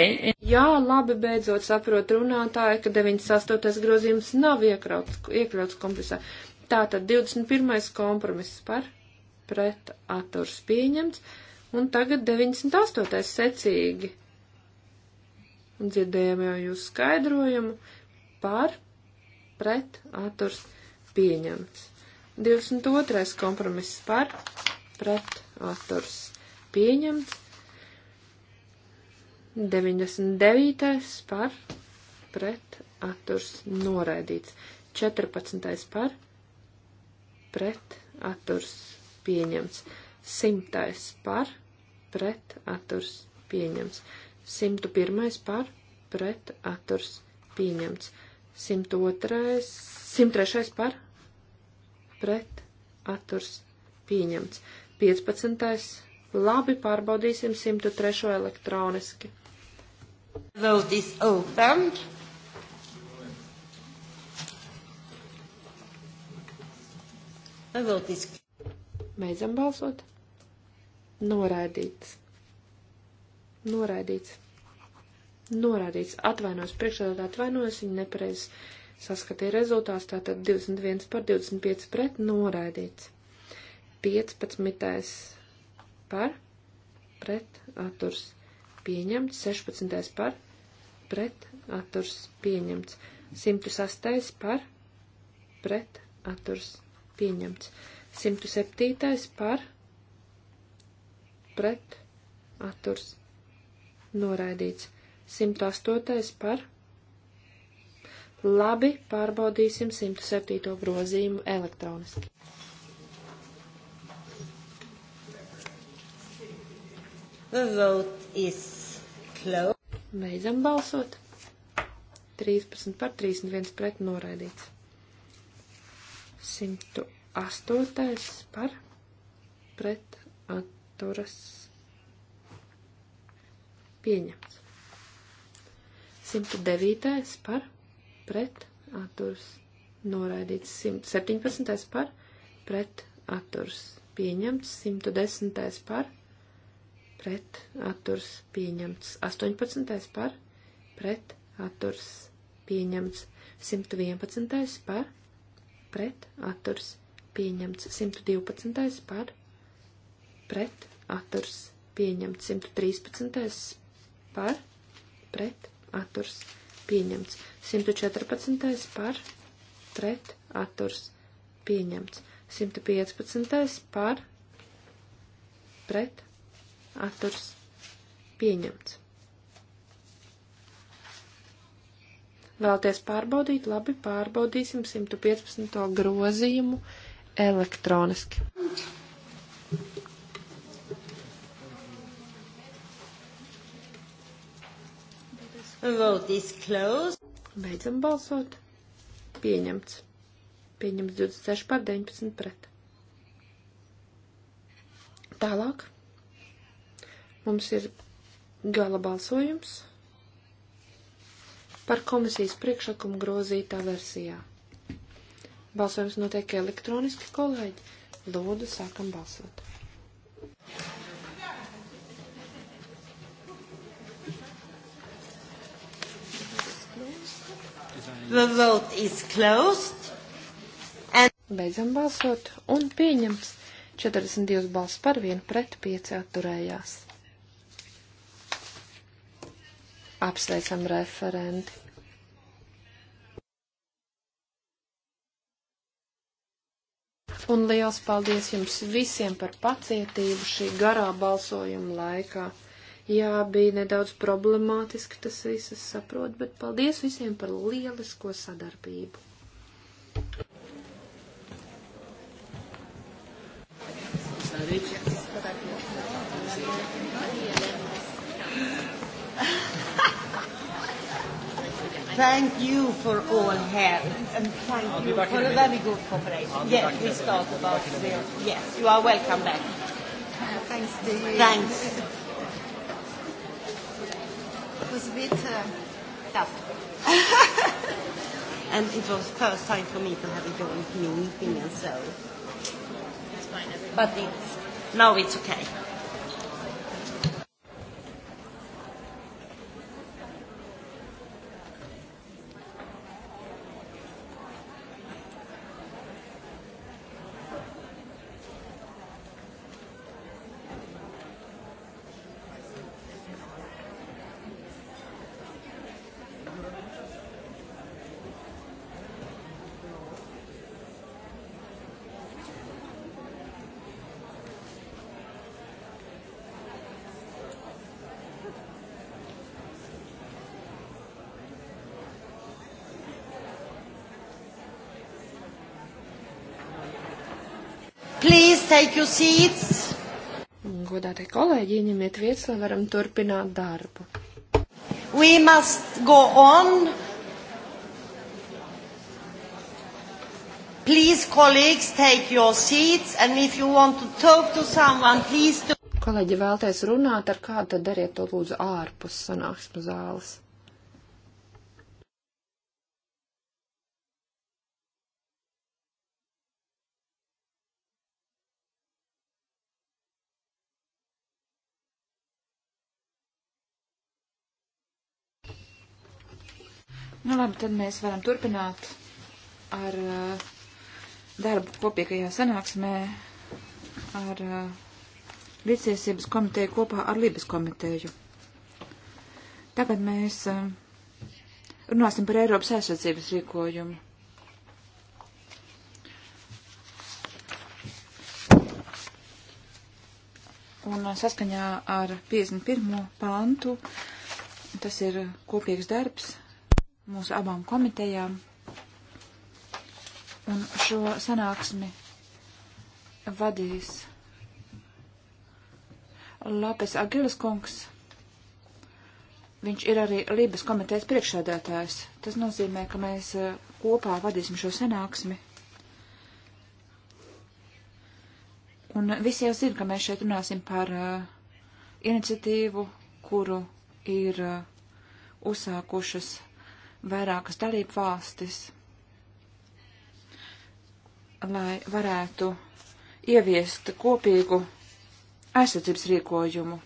Jā, labi, beidzot saprot runātāja, ka 98. grozījums nav iekrauts, iekļauts kompromisā. Tātad 21. kompromiss par pret atturs pieņemts, un tagad 98. secīgi. Un dzirdējām jau jūs skaidrojumu, pār, pret, atturs pieņemts. 22. kompromiss par, pret, atturs pieņemts. 99. par, pret, atturs noraidīts. 14. par, pret, atturs pieņemts. 100. par, pret, atturs pieņemts. 101. par, pret, atturs pieņemts. 102. 103. par pret atturs pieņemts. 15. Labi, pārbaudīsim 103. elektroniski. Vote is opened. Vote is... Beidzam balsot. Noraidīts. Noraidīts. Norādīts atvainojas priekšādā atvainojas, viņa nepareiz saskatīja rezultāts, tātad 21 par 25 pret noraidīts. 15. par pret atturs pieņemts, 16. par pret atturs pieņemts, 108. par pret atturs pieņemts, 107. par pret atturs noraidīts, 108. par. Labi, pārbaudīsim 107. grozījumu elektroniski. The vote is closed. Beidzam balsot. 13 par 31 pret noraidīts. 108. par pret atturas pieņemts. 109. par pret atturs noraidīts. 117. par pret atturs pieņemts. 110. par pret atturs pieņemts. 18. par pret atturs pieņemts. 111. par pret atturs pieņemts. 112. par pret atturs pieņemts. 113. par pret atturs pieņemts. 114. par pret atturs pieņemts. 115. par pret atturs pieņemts. Vēlaties pārbaudīt? Labi, pārbaudīsim 115. grozījumu elektroniski. Mm. Vote is closed. Beidzam balsot. Pieņemts. Pieņemts 26 par 19 pret. Tālāk mums ir gala balsojums par komisijas priekšlikumu grozītā versijā. Balsojums notiek elektroniski, kolēģi. Lūdzu, sākam balsot. The vote is closed. And... Beidzam balsot un pieņems 42 balss par 1 pret 5 atturējās. Apsveicam referenti. Un liels paldies jums visiem par pacietību šī garā balsojuma laikā. Jā, bija nedaudz problemātiski tas viss, es saprotu, bet paldies visiem par lielisko sadarbību. thank you for all help and thank I'll you for a, a very good cooperation. Yes, we talked about the. Yes, you are welcome back. Uh, thanks to you. Thanks. It was a bit uh, eh, tough. and it was first time for me to have a joint meeting and so. It's fine, everybody. But it's, now it's okay. take your seats. Godātie kolēģi, ieņemiet vietas, lai varam turpināt darbu. We must go on. Please, colleagues, take your seats and if you want to talk to someone, please do. Kolēģi vēlties runāt ar kādu, tad dariet to lūdzu ārpus sanāksmes zāles. Nu labi, tad mēs varam turpināt ar uh, darbu kopīgajā sanāksmē ar uh, Līdziesības komiteju kopā ar Libas komiteju. Tagad mēs uh, runāsim par Eiropas aizsardzības rīkojumu. Un uh, saskaņā ar 51. pantu tas ir kopīgs darbs mūsu abām komitejām. Un šo sanāksmi vadīs Lāpes Agilis kungs. Viņš ir arī Lībijas komitejas priekšsēdētājs. Tas nozīmē, ka mēs eh, kopā vadīsim šo sanāksmi. Un visi jau zina, ka mēs šeit runāsim par uh, iniciatīvu, kuru ir uh, uzsākušas vairākas dalību valstis, lai varētu ieviest kopīgu aizsardzības rīkojumu,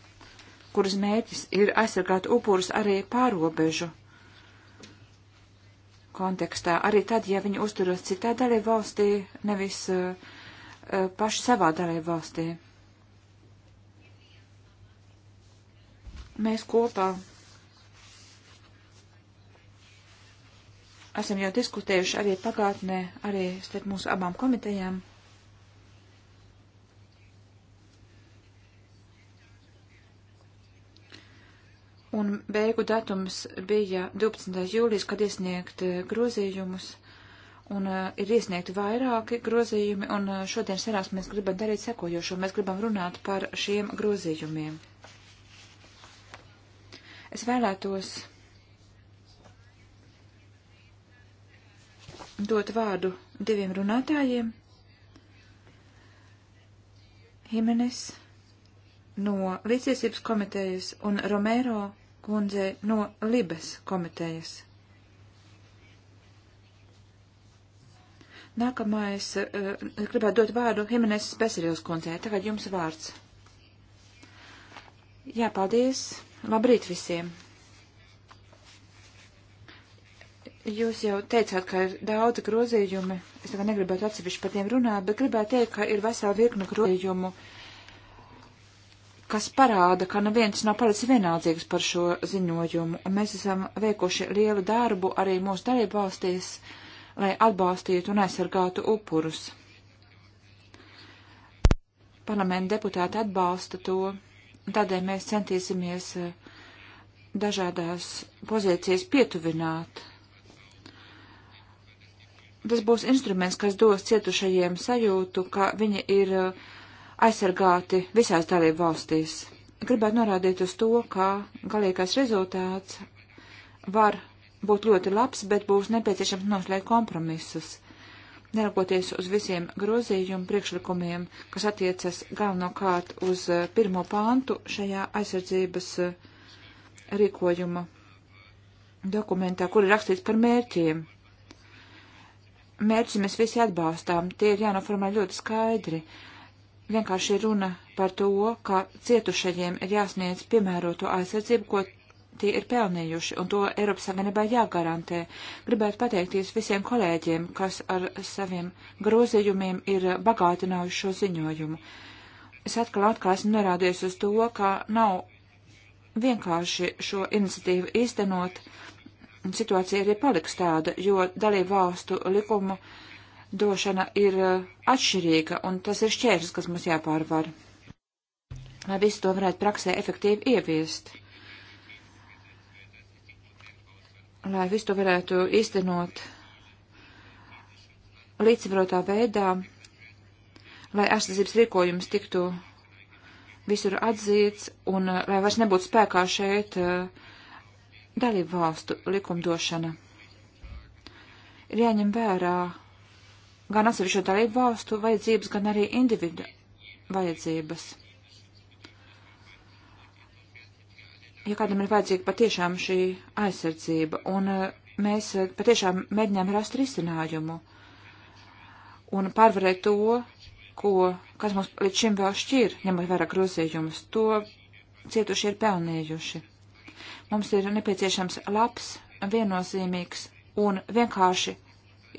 kuras mērķis ir aizsargāt upurus arī pārobežu kontekstā, arī tad, ja viņi uzturas citā dalību valstī, nevis uh, uh paši savā dalību valstī. Mēs kopā esam jau diskutējuši arī pagātnē, arī starp mūsu abām komitejām. Un beigu datums bija 12. jūlijas, kad iesniegt eh, grozījumus, un uh, ir iesniegti vairāki grozījumi, un uh, šodien sarās mēs gribam darīt sekojošo, mēs gribam runāt par šiem grozījumiem. Es vēlētos dot vārdu diviem runātājiem. Himenes no Līdziesības komitejas un Romero kundze no Libes komitejas. Nākamais, uh, gribētu dot vārdu Himenes Pesarils kundzei. Tagad jums vārds. Jā, paldies. Labrīt visiem. Jūs jau teicāt, ka ir daudz grozījumi. Es tagad negribētu atsevišķi par tiem runāt, bet gribētu teikt, ka ir vesela virkne grozījumu, kas parāda, ka neviens nav palicis vienaldzīgs par šo ziņojumu. Un mēs esam veikuši lielu darbu arī mūsu darību valstīs, lai atbalstītu un aizsargātu upurus. Parlamenta deputāti atbalsta to, tādēļ mēs centīsimies eh, dažādās pozīcijas pietuvināt Tas būs instruments, kas dos cietušajiem sajūtu, ka viņi ir eh, aizsargāti visās dalību valstīs. Gribētu norādīt uz to, ka galīgais rezultāts var būt ļoti labs, bet būs nepieciešams noslēgt kompromisus neraugoties uz visiem grozījumu priekšlikumiem, kas attiecas galvenokārt uz eh, pirmo pāntu šajā aizsardzības eh, rīkojuma dokumentā, kur ir rakstīts par mērķiem mērķi mēs visi atbalstām, tie ir jānoformē ļoti skaidri. Vienkārši runa par to, ka cietušajiem ir jāsniedz piemēroto aizsardzību, ko tie ir pelnījuši, un to Eiropas Savienībā jāgarantē. Gribētu pateikties visiem kolēģiem, kas ar saviem grozījumiem ir bagātinājuši šo ziņojumu. Es atkal atkal esmu norādījis uz to, ka nav vienkārši šo iniciatīvu īstenot, situācija arī paliks tāda, jo dalību valstu likumu došana ir e, atšķirīga, un tas ir šķērslis, kas mums jāpārvar, lai visu to varētu praksē efektīvi ieviest. Lai visu to varētu iztenot līdzsvarotā veidā, lai aizsardzības rīkojums tiktu visur atzīts, un e, lai vairs nebūtu spēkā šeit uh, Dalību valstu likumdošana ir jāņem vērā gan atsevišķo dalību valstu vajadzības, gan arī individu vajadzības. Ja kādam ir vajadzīga patiešām šī aizsardzība, un eh, mēs eh, patiešām mēģinām rast risinājumu un pārvarēt to, ko, kas mums līdz šim vēl šķir, ņemot vērā grozījumus, to cietuši ir pelnījuši. Mums ir nepieciešams labs, viennozīmīgs un vienkārši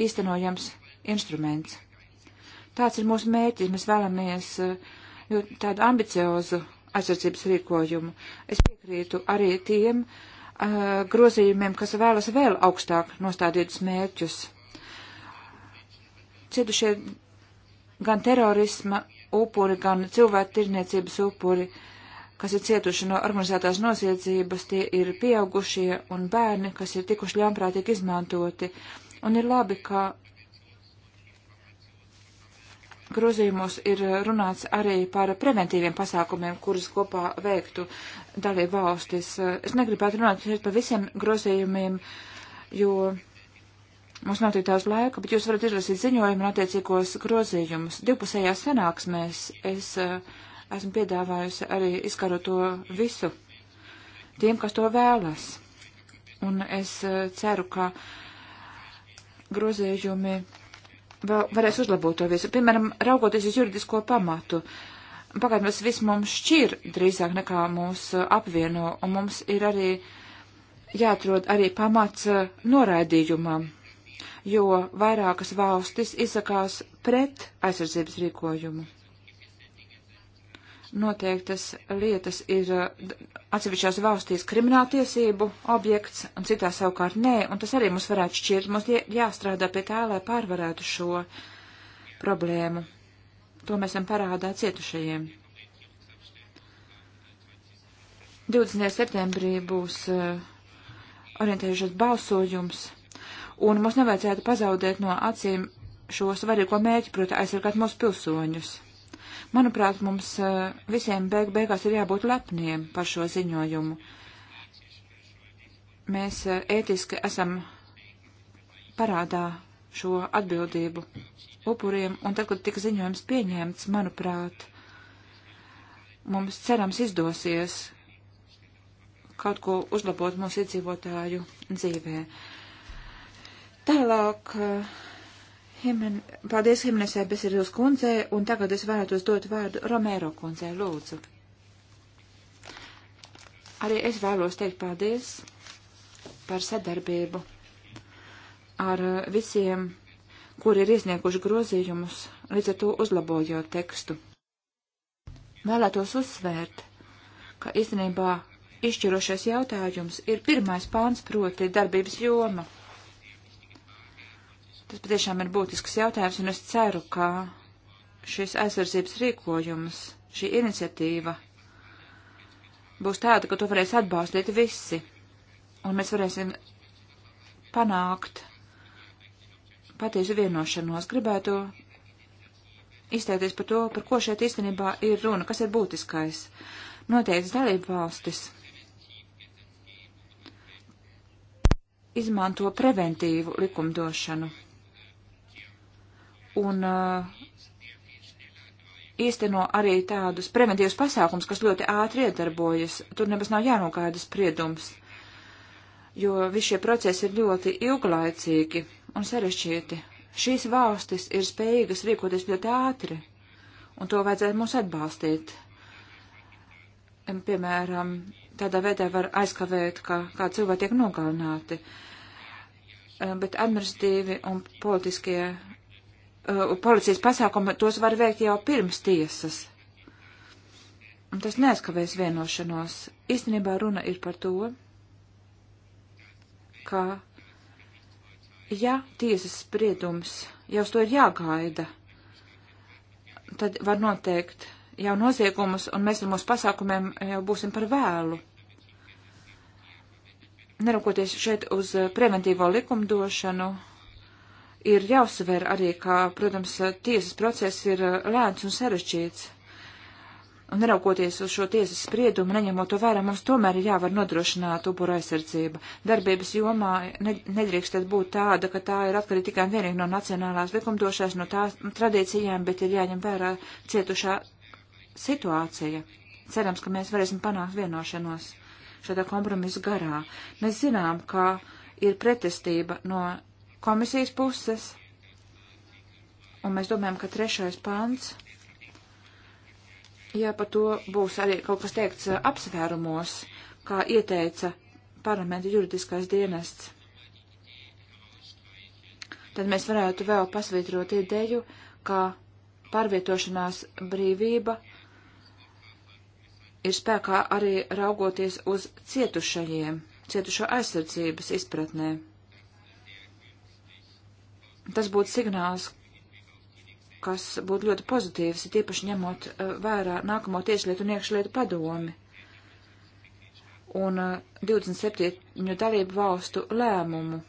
īstenojams instruments. Tāds ir mūsu mērķis. Mēs vēlamies eh, tādu ambiciozu aizsardzības rīkojumu. Es piekrītu arī tiem uh, grozījumiem, kas vēlas vēl augstāk nostādītus mērķus. Cietušie gan terorisma upuri, gan cilvēku tirniecības upuri uh, kas ir cietuši no organizētās nosiedzības, tie ir pieaugušie un bērni, kas ir tikuši ļaunprātīgi izmantoti. Un ir labi, ka grozījumos ir runāts arī par preventīviem pasākumiem, kurus kopā veiktu dalību valstis. Es negribētu runāt šeit par visiem grozījumiem, jo mums nav tik daudz laika, bet jūs varat izlasīt ziņojumu un attiecīgos grozījumus. Divpusējās sanāksmēs es uh, esmu piedāvājusi arī izkarot to visu tiem, kas to vēlas. Un es eh, ceru, ka grozījumi varēs uzlabot to visu. Piemēram, raugoties uz juridisko pamatu. Pagaidām tas viss mums šķir drīzāk nekā mūs eh, apvieno, un mums ir arī jāatrod arī pamats eh, noraidījumam, jo vairākas valstis izsakās pret aizsardzības rīkojumu noteiktas lietas ir eh, atsevišķās valstīs krimināltiesību objekts un citā savukārt nē, un tas arī mums varētu šķirt. Mums jāstrādā pie tā, lai pārvarētu šo problēmu. To mēs esam parādā cietušajiem. 20. septembrī būs uh, eh, orientējušas balsojums, un mums nevajadzētu pazaudēt no acīm šo svarīgo mērķi, proti aizsargāt mūsu pilsoņus. Manuprāt, mums eh, visiem beig beigās ir jābūt lepniem par šo ziņojumu. Mēs eh, ētiski esam parādā šo atbildību upuriem, un tad, kad tika ziņojums pieņemts, manuprāt, mums cerams izdosies kaut ko uzlabot mūsu iedzīvotāju dzīvē. Tālāk. Uh, Himen, paldies Himenesē Beserilas kundzē, un tagad es vēlētos dot vārdu Romēro kundzē, lūdzu. Arī es vēlos teikt paldies par sadarbību ar visiem, kuri ir iesnieguši grozījumus, līdz ar to uzlabojot tekstu. Vēlētos uzsvērt, ka īstenībā izšķirošais jautājums ir pirmais pāns proti darbības joma. Tas patiešām ir būtisks jautājums, un es ceru, ka šis aizsardzības rīkojums, šī iniciatīva būs tāda, ka to varēs atbalstīt visi, un mēs varēsim panākt patiesu vienošanos. Gribētu izteikties par to, par ko šeit īstenībā ir runa, kas ir būtiskais. Noteikti dalību valstis izmanto preventīvu likumdošanu un uh, īsteno arī tādus preventīvus pasākums, kas ļoti ātri iedarbojas. Tur nebūs nav jānogaida spriedums, jo visi šie procesi ir ļoti ilglaicīgi un sarešķīti. Šīs valstis ir spējīgas rīkoties ļoti ātri, un to vajadzētu mums atbalstīt. Piemēram, tādā veidā var aizkavēt, ka kā cilvēki tiek nogalināti, bet administratīvi un politiskie uh, policijas pasākumi tos var veikt jau pirms tiesas. Un tas neaizkavēs vienošanos. Īstenībā runa ir par to, ka, ja tiesas spriedums jau uz to ir jāgaida, tad var noteikt jau noziegumus, un mēs ar mūsu pasākumiem jau būsim par vēlu neraugoties šeit uz preventīvo likumdošanu, ir jāuzsver arī, ka, protams, tiesas process ir uh, lēns un sarežģīts. Un neraugoties uz šo tiesas spriedumu, neņemot to vērā, mums tomēr ir jāvar nodrošināt upura aizsardzība. Darbības jomā ne, nedrīkstēt būt tāda, ka tā ir atkarīga tikai un vienīgi no nacionālās likumdošanas, no tās tradīcijām, bet ir jāņem vērā cietušā situācija. Cerams, ka mēs varēsim panākt vienošanos šādā kompromisa garā. Mēs zinām, ka ir pretestība no komisijas puses, un mēs domājam, ka trešais pants, ja par to būs arī kaut kas teikts eh, apsvērumos, kā ieteica parlamenta juridiskais dienests, tad mēs varētu vēl pasvītrot ideju, ka pārvietošanās brīvība ir spēkā arī raugoties uz cietušajiem, cietušo aizsardzības izpratnē tas būtu signāls, kas būtu ļoti pozitīvs, ir tiepaši ņemot eh, vērā nākamo tieslietu un iekšlietu padomi un 27 eh, dalību valstu lēmumu.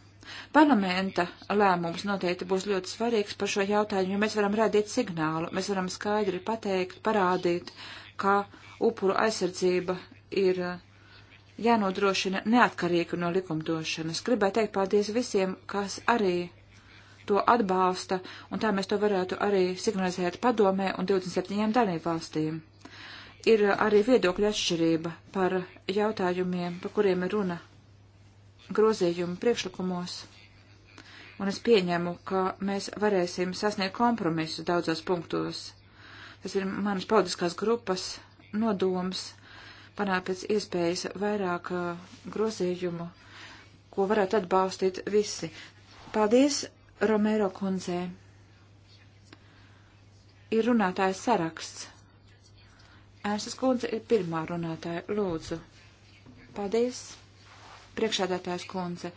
Parlamenta lēmums noteikti būs ļoti svarīgs par šo jautājumu, jo mēs varam radīt signālu, mēs varam skaidri pateikt, parādīt, ka upuru aizsardzība ir eh, jānodrošina neatkarīgi no likumdošanas. Gribētu teikt paldies visiem, kas arī to atbalsta, un tā mēs to varētu arī signalizēt padomē un 27 dalību valstīm. Ir arī viedokļa atšķirība par jautājumiem, par kuriem ir runa grozījumu priekšlikumos, un es pieņemu, ka mēs varēsim sasniegt kompromisu daudzos punktos. Tas ir manas paudiskās grupas nodoms panākt pēc iespējas vairāk uh, grozījumu, ko varētu atbalstīt visi. Paldies! Romero kundzē. Ir runātājs saraksts. Ēnsas kundze ir pirmā runātāja. Lūdzu. Paldies. Priekšādātājs kundze.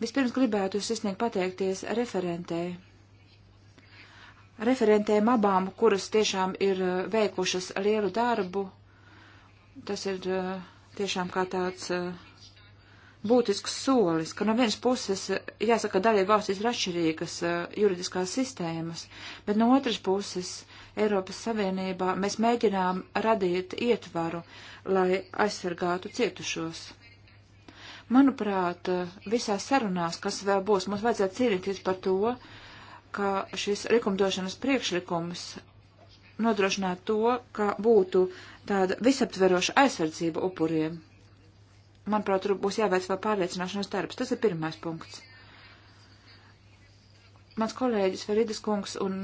Vispirms gribētu sirsnīgi pateikties referentei. Referentēm abām, kuras tiešām ir uh, veikušas lielu darbu. Tas ir uh, tiešām kā tāds uh, būtisks solis, ka no vienas puses, jāsaka, dalība valstīs ir atšķirīgas eh, juridiskās sistēmas, bet no otras puses Eiropas Savienībā mēs mēģinām radīt ietvaru, lai aizsargātu cietušos. Manuprāt, eh, visās sarunās, kas vēl būs, mums vajadzētu cīnīties par to, ka šis likumdošanas priekšlikums nodrošinātu to, ka būtu tāda visaptveroša aizsardzība upuriem. Manuprāt, tur būs jāveic vēl pārliecināšanās darbs. Tas ir pirmais punkts. Mans kolēģis Veridas kungs un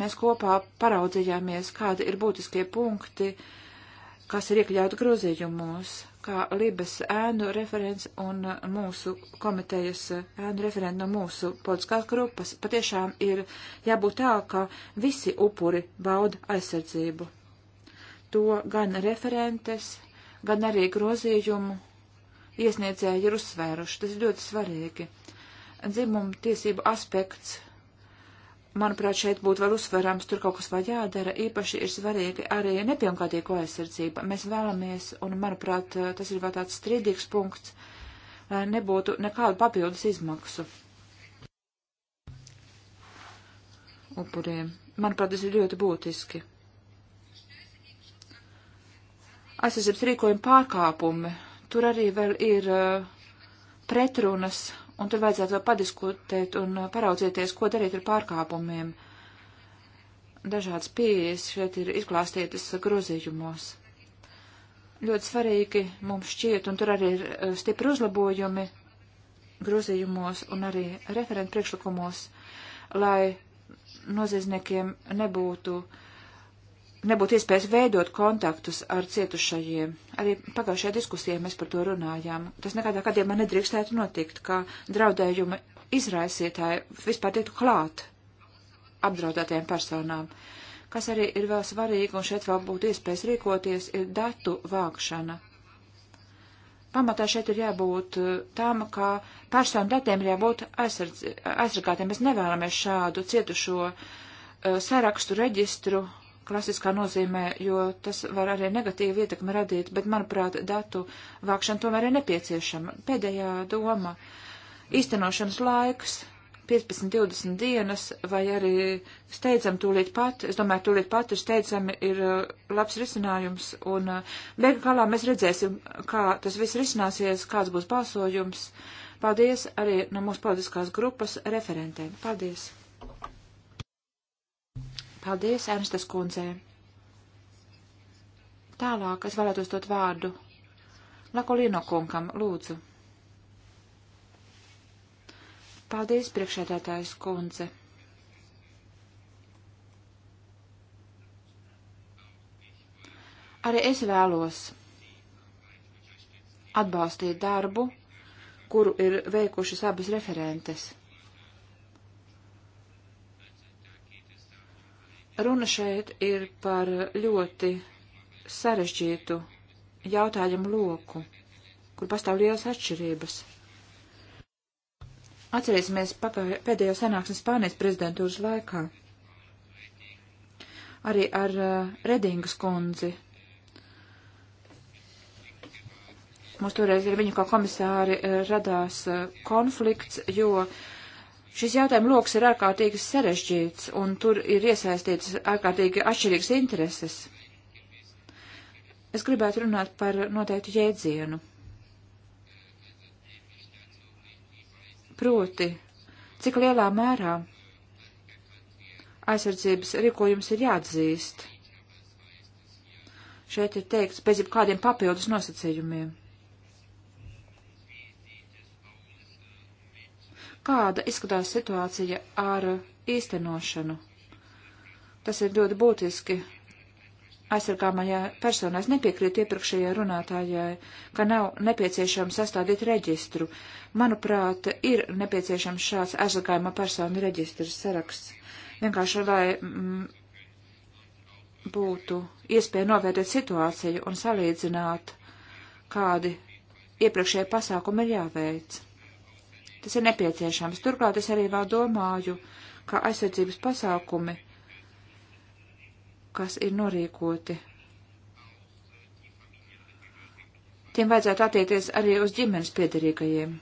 mēs kopā paraudzījāmies, kādi ir būtiskie punkti, kas ir iekļauti grozījumos, kā Libes ēnu referents un mūsu komitejas ēnu referents no mūsu politiskās grupas. Patiešām ir jābūt tā, ka visi upuri bauda aizsardzību. To gan referentes, gan arī grozījumu iesniedzēji ir uzsvēruši. Tas ir ļoti svarīgi. Dzimuma tiesību aspekts, manuprāt, šeit būtu var uzsverams, tur kaut kas vēl jādara. Īpaši ir svarīgi arī nepiemkārtīgo aizsardzība. Mēs vēlamies, un manuprāt, tas ir vēl tāds strīdīgs punkts, lai nebūtu nekādu papildus izmaksu upuriem. Manuprāt, tas ir ļoti būtiski aizsardzības rīkojuma pārkāpumi Tur arī vēl ir uh, pretrunas, un tur vajadzētu vēl padiskutēt un uh, paraudzīties, ko darīt ar pārkāpumiem. Dažādas pieejas šeit ir izklāstītas grozījumos. Ļoti svarīgi mums šķiet, un tur arī ir uh, stipri uzlabojumi grozījumos un arī referentu priekšlikumos, lai noziedzniekiem nebūtu uh, nebūtu iespējas veidot kontaktus ar cietušajiem. Arī pagājušajā diskusijā mēs par to runājām. Tas nekādā gadījumā nedrīkstētu notikt, kā draudējuma izraisītāji vispār tiktu klāt apdraudētajām personām. Kas arī ir vēl svarīgi, un šeit vēl būtu iespējas rīkoties, ir datu vākšana. Pamatā šeit ir jābūt uh, tām, ka personu datiem ir jābūt aizsargātiem. Mēs nevēlamies šādu cietušo uh, sarakstu reģistru klasiskā nozīmē, jo tas var arī negatīvu ietekmi radīt, bet, manuprāt, datu vākšana tomēr ir nepieciešama. Pēdējā doma - īstenošanas laiks 15, 20 dienas, vai arī steidzam tūlīt pat, es domāju, tūlīt pat ir steidzami, ir uh, labs risinājums, un uh, beigu galā mēs redzēsim, kā tas viss risināsies, kāds būs balsojums. Paldies arī no mūsu politiskās grupas referentēm. Paldies! Paldies, Ernstas kundzē. Tālāk es varētu uzdot vārdu Lakolino kungam, lūdzu. Paldies, priekšēdētājs kundze. Arī es vēlos atbalstīt darbu, kuru ir veikušas abas referentes. Runa šeit ir par ļoti sarežģītu jautājumu loku, kur pastāv lielas atšķirības. Atcerēsimies pēdējo sanāksmes Spānijas prezidentūras laikā. Arī ar uh, Redingas kundzi. Mums toreiz ar viņu kā komisāri uh, radās uh, konflikts, jo uh, Šis jautājuma lokus ir ārkārtīgi sarežģīts, un tur ir iesaistīts ārkārtīgi atšķirīgas intereses. Es gribētu runāt par noteiktu jēdzienu. Proti, cik lielā mērā aizsardzības rīkojums ir jāatzīst. Šeit ir teikts bez jebkādiem papildus nosacījumiem. kāda izskatās situācija ar īstenošanu. Tas ir ļoti būtiski. Aizsargāmajā personā es nepiekrītu iepriekšējai runātājai, ka nav nepieciešams sastādīt reģistru. Manuprāt, ir nepieciešams šāds aizsargājuma persona reģistrs saraksts. Vienkārši, lai mm, būtu iespēja novērtēt situāciju un salīdzināt, kādi iepriekšējie pasākumi ir jāveic. Tas ir nepieciešams. Turklāt es arī vēl domāju, ka aizsardzības pasākumi, kas ir norīkoti, tiem vajadzētu attiekties arī uz ģimenes piedarīgajiem.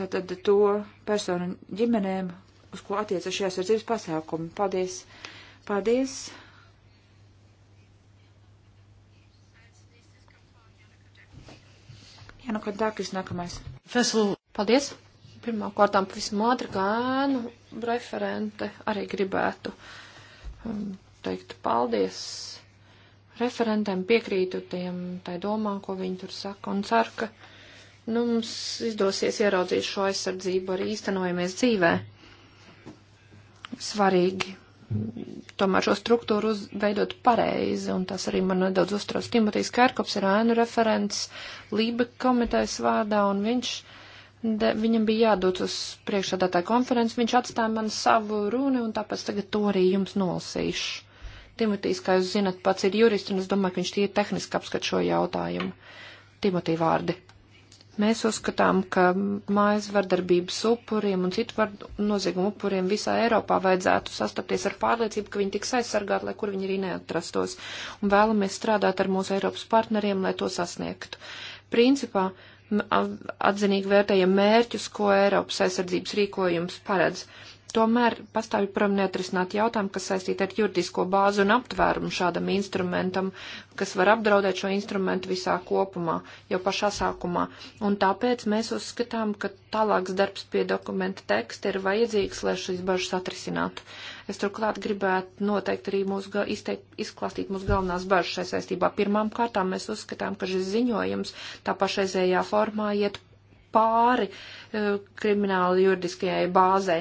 Tātad to personu ģimenēm, uz ko attiecas šie aizsardzības pasākumi. Paldies! Paldies! Jā, nu, kad dākis nākamais. Feslu. Paldies. Pirmā kārtām pavisam ātri, kā ēnu referente arī gribētu um, teikt paldies referentiem, piekrītu tiem, tai domā, ko viņi tur saka, un ceru, ka nu, mums izdosies ieraudzīt šo aizsardzību arī īstenojamies dzīvē. Svarīgi tomēr šo struktūru uz, veidot pareizi, un tas arī man nedaudz uztrauc. Timotejs Kērkops ir ēnu referents Lība komitejas vārdā, un viņš, de, viņam bija jādod uz priekšādātā konferences, viņš atstāja man savu runu, un tāpēc tagad to arī jums nolasīšu. Timotejs, kā jūs zinat, pats ir jurists, un es domāju, ka viņš tie tehniski apskat šo jautājumu. Timotī vārdi. Mēs uzskatām, ka mājas vardarbības upuriem un citu noziegumu upuriem visā Eiropā vajadzētu sastapties ar pārliecību, ka viņi tiks aizsargāti, lai kur viņi arī neatrastos, un vēlamies strādāt ar mūsu Eiropas partneriem, lai to sasniegtu. Principā atzinīgi vērtējam mērķus, ko Eiropas aizsardzības rīkojums paredz. Tomēr pastāv joprojām neatrisināt jautājumu, kas saistīta ar juridisko bāzu un aptvērumu šādam instrumentam, kas var apdraudēt šo instrumentu visā kopumā, jau pašā sākumā. Un tāpēc mēs uzskatām, ka tālāks darbs pie dokumenta teksta ir vajadzīgs, lai šīs bažas atrisinātu. Es turklāt gribētu noteikti arī mūsu izteikt, izklāstīt mūsu galvenās bažas šai saistībā. Pirmām kārtām mēs uzskatām, ka šis ziņojums tā pašreizējā formā iet pāri eh, krimināla juridiskajai bāzei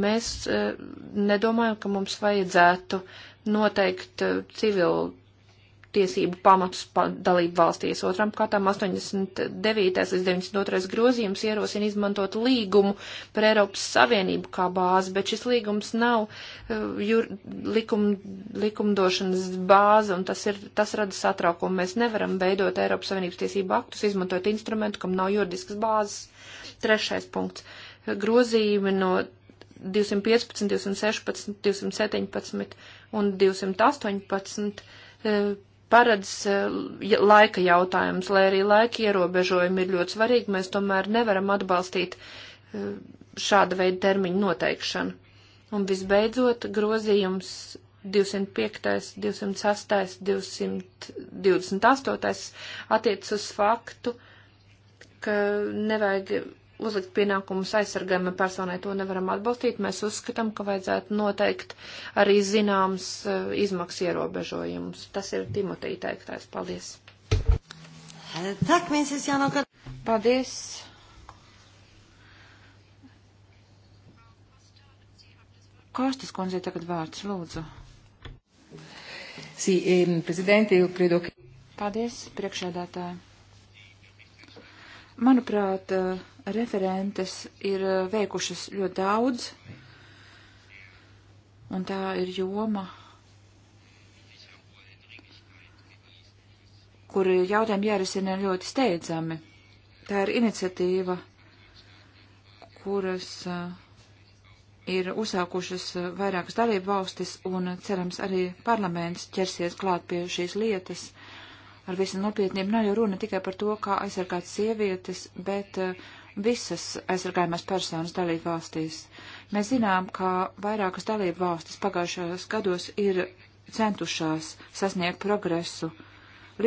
Mēs e, nedomājam, ka mums vajadzētu noteikt e, civilu tiesību pamatus dalību valstīs. Otram kārtām 89. līdz 92. grozījums ierosina izmantot līgumu par Eiropas Savienību kā bāzi, bet šis līgums nav e, jur, likum, likumdošanas bāze, un tas, ir, tas rada satraukumu. Mēs nevaram veidot Eiropas Savienības tiesību aktus, izmantojot instrumentu, kam nav juridiskas bāzes. Trešais punkts. Grozījumi no 215, 216, 217 un 218 eh, paredz eh, laika jautājums, lai arī laika ierobežojumi ir ļoti svarīgi, mēs tomēr nevaram atbalstīt eh, šāda veida termiņu noteikšanu. Un visbeidzot, grozījums 205, 206, 228 attiec uz faktu, ka nevajag uzlikt pienākumus aizsargājumai personai, to nevaram atbalstīt. Mēs uzskatām, ka vajadzētu noteikt arī zināms eh, izmaksu ierobežojumus. Tas ir Timotei teiktais. Paldies. Tak, mēs jānokat. Paldies. Kostas kundze tagad vārds, lūdzu. Sī, eh, prezidenti, jo credo, ka. Paldies, priekšēdētāji. Manuprāt, eh, referentes ir eh, veikušas ļoti daudz, un tā ir joma, kur jautājumi jārisina ļoti steidzami. Tā ir iniciatīva, kuras eh, ir uzsākušas vairākas dalību valstis, un cerams arī parlaments ķersies klāt pie šīs lietas ar visu nopietnību. Nav jau runa tikai par to, kā aizsargāt sievietes, bet eh, visas aizsargājumās personas dalību valstīs. Mēs zinām, ka vairākas dalību valstis pagājušajos gados ir centušās sasniegt progresu